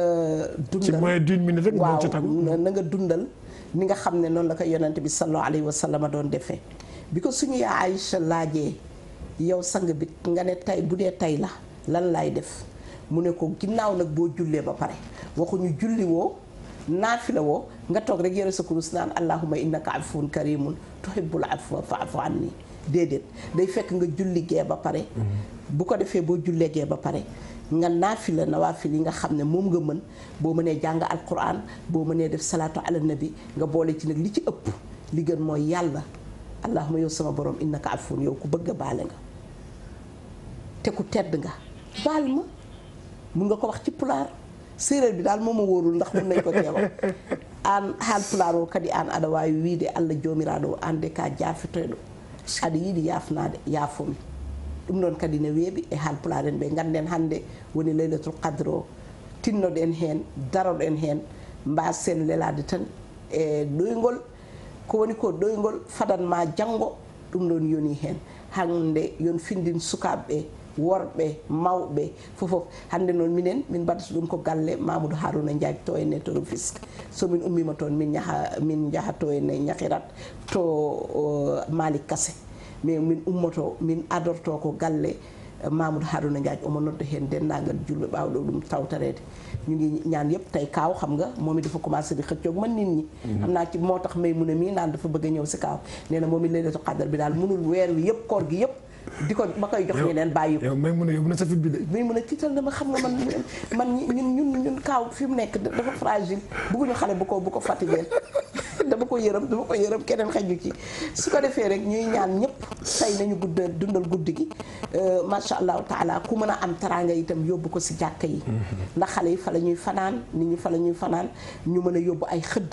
dundal ci moyen d'une minute na nga dundal ni nga xam ne noonu la ko yonante bi sallallahu alayhi wa sallam doon defee. bi ko suñu yaay Aïcha laajee yow sang bi nga ne tey bu dee tey la lan laay def mu ne ko ginnaaw nag boo jullee ba pare waxuñu julli woo naafila woo nga toog rek yare sa kurus naan allahumma innaka afuwun karimun tuhibbul afwa fa'fu anni déedéet day fekk nga julli gee ba pare. Mm-hmm. bu ko defee boo julleegee ba pare nga naafila nawaafil li nga xam ne moom nga mën boo mënee jàng alquran boo mënee def salaatu ala nabi nga boole ci nag li ci ëpp li gën mooy yàlla allahuma yow sama borom innaka afuun yow ku bëgg a baale nga te ku tedd nga baal ma mun nga ko wax ci pulaar séeréer bi daal moom a wóorul ndax mun nañ ko cee wax aan haal pulaar o kadi aan aɗa waawi wiide allah joomiraaɗo aan de ka jaafitoyɗo aɗa yiɗi yaafnaade ɗum noon kadi ne weeɓi e haalpulaar en ɓe ngannden hannde woni leylatul qadre o tinnoɗo en heen daroɗo en heen mbasen lelade tan e ko woni ko ɗoygol fadanma janngo ɗum ɗon yoni heen hande yon findin sukaɓeɓe worɓe mawɓe fofof hande noon minen min mbaɗata ɗum ko galle mamoudou harouna diaji to to malik kase mais min ummoto min adorto ko galle eh, mamoudou haruna ndiaji omo nodda hen dendagal julɓe ɓawɗo taw tawtarede ñu ngi ñaan yëpp tey kaaw xam nga moom it dafa commencé di xëccoog man nit ñi mhm. xam naa ci moo tax may mun a mii naan dafa bëgg a ñëw si kaaw nee moom it laylatu bi daal munul weer wi yëpp koor yëpp di ko koy jox ñeneen bàyyi ko yow may a a safit bi a tiital na ma man man ñun ñun kaaw fi mu nekk dafa fragile bëgguñu xale bu ko bu ko fatigué ko yërëm duma ko yërëm keneen xaju ci su ko defee rek ñuy ñaan ñëpp tey nañu gudd dundal guddi gi euh, macha allah taala ku mën a am teraanga itam yóbbu ko si jàkka yi mm-hmm. ndax xale yi fa la ñuy fanaan nit ñi fa la ñuy fanaan ñu mën a yóbbu ay xëdd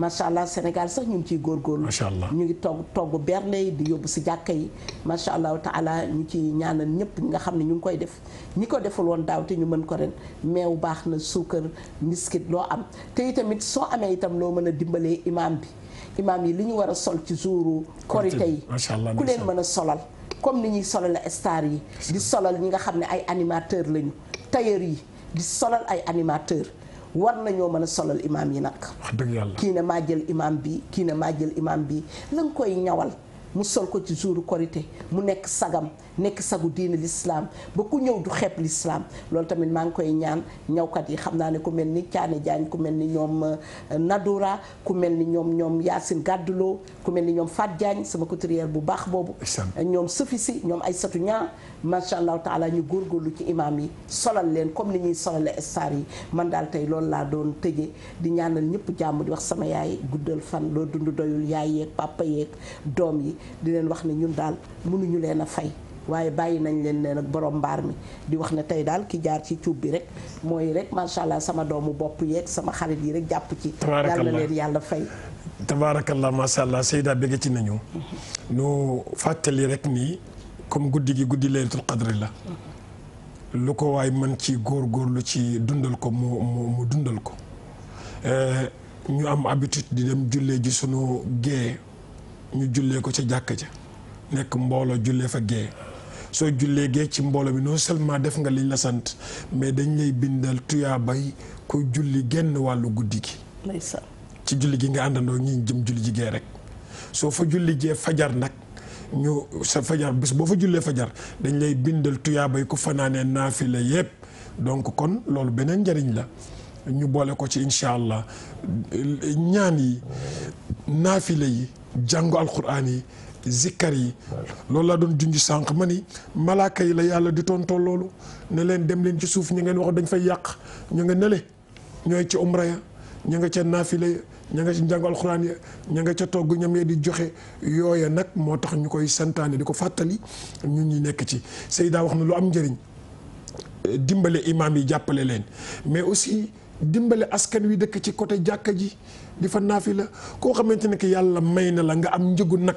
macha allah Sénégal sax ñu ngi ciy góorgóorlu. macha allah ñu ngi togg togg bernde yi di yóbbu si jàkka yi macha allah taala ñu ci ñaanal ñëpp ñi nga xam ne ñu ngi koy def ñi ko deful woon daaw te ñu mën ko ren meew baax na suukar miskit loo am te itamit soo amee itam loo mën a dimbalee imaam bi imaam yi li ñu war a sol ci jouru korite yi ku leen mën a solal comme ni ñuy solal star yi di solal ñi nga xam ne ay animateur lañu tailleur yi di solal ay animateur war na ñoo mën a solal imaam yi nag wax dëgg kii ne maa jël imaam bi kii ne maa jël imaam bi la koy ñawal mu sol ko ci suuru korité mu nekk sagam nekk sagu diine lislaam ba ku ñëw du xepp lislaam loolu tamit maa ngi koy ñaan ñawkat yi xam naa ne ku mel ni Thiané Diagne ku mel ni ñoom euh, Nadoura ku mel ni ñoom ñoom Yacine gàdduloo ku mel ni ñoom Fat Diagne sama couturière bu baax boobu ñoom sëfi Sy ñoom ay Niang macha allah taala ñu góor góorlu ci imaam yi solal leen comme ni ñuy solale star yi man daal tey loolu laa doon tëjee di ñaanal ñëpp jàmm di wax sama yaay guddal fan loo dund doyul yaay yeeg papa doom yi di leen wax ne ñun daal mënuñu leen a fay waaye bàyyi nañ leen leen ak borom mbaar mi di wax ne tey daal ki jaar ci cuub bi rek mooy rek macha allah sama doomu bopp yeeg sama xarit yi rek jàpp ci. yàlla na leen yàlla fay. allah Seyda bégg ci nañu. nu fàttali rek nii comme guddi gi guddi laylatul qadri la. lu ko waay mën ci góor góorgóorlu ci dundal ko mu mu mu dundal ko eh, ñu am habitude di dem jullee ji suñu gée ñu jullee ko ca jàkk ja nekk mbooloo jullee fa gée soo jullee gee ci mbooloo mi non seulement def nga liñ la sant mais dañ lay bindal tuyaabay ko julli genn wàllu guddi gi ci julli gi nga àndandoo ñu jëm julli ji gee rek soo fa julli jee fajar nag ñu sa fajar bis boo fa jullee fajar dañ lay bindal tuyaabay ko fanaanee naafila yépp donc kon loolu beneen njariñ la ñu boole ko ci incha allah ñaan yi naafila yi jàngu alquran yi zikkar yi loolu laa doon junj sànq ma ni malaaka yi la yàlla di tontoo loolu ne leen dem leen ci suuf ñu ngeen wax dañ fay yàq ñu nga nele ñooy ci umra ya ñu nga ca naafile ya ña nga ci njàng alxuraan ya ña nga ca togg ñam ya di joxe yooya nag moo tax ñu koy sentaane di ko fàttali ñu ñuy nekk ci seydaa wax na lu am njëriñ dimbale imaam yi jàppale leen mais aussi dimbale askan wi dëkk ci côté jàkka ji di fa naafi la koo xamante ne que yàlla may na la nga am njëgu nag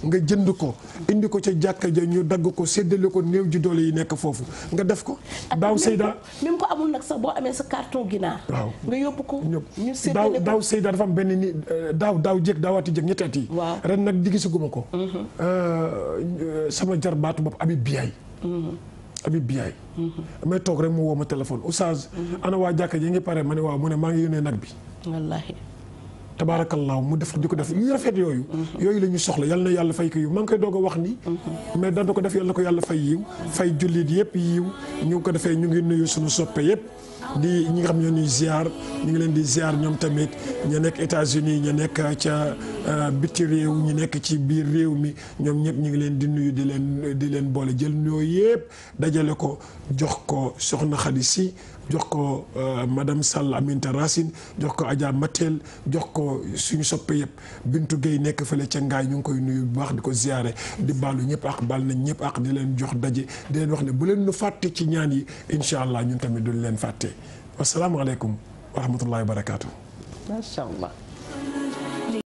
nga jënd ko indi ko ca jàkka ja ñu dagg ko séddale ko néew ji doole yi nekk foofu nga def ko daaw Seyda même ko amul nag sax boo amee sa carton ginaar waaw nga yóbbu ko ñu daaw Seyda dafa am benn ni euh, daaw daaw jéeg daawaati jéeg ñetti at yi ren nag di gisaguma ko mhm. euh, euh, sama jar baatu bopp abi biyaay mhm. abi biyaay mhm. may toog rek mu woo ma téléphone oustaz ana waa jàkka yi ngi pare ma ne waaw mu ne maa ngi yónnee nag bi wallaahi tabaarakallaahu mu def di ko def yu rafet yooyu yooyu la soxla yal na yàlla fay ko yiw maa ngi koy doog a wax ni mais dana ko def yal ko yàlla fay yiw fay jullit yëpp yiw ñu ngi ko defee ñu ngi nuyu suñu soppe yëpp di ñi nga xam ñoo ñuy ziar ñu ngi leen di ziar ñoom tamit ñu nekk États-Unis ñu nekk ca euh, biti réew ñu nekk ci biir réew mi ñoom ñëpp ñu ngi leen di nuyu di leen di leen boole jël nuyoo yëpp dajale ko jox ko soxna Xadi Si jox ko euh, madam Sall Aminta Racine jox ko Adja Matel jox ko suñu soppe yëpp Bintu Gueye nekk fële ca ngaay ñu ngi koy nuyu bu baax di ko ziyaare di baalu ñëpp ak baal nañ ñëpp ak di leen jox daje di leen wax ne bu leen nu fàtte ci ñaan yi incha allah ñun tamit duñ leen fàtte wasalaamaaleykum wa rahmatullahi wa barakaatu. macha allah.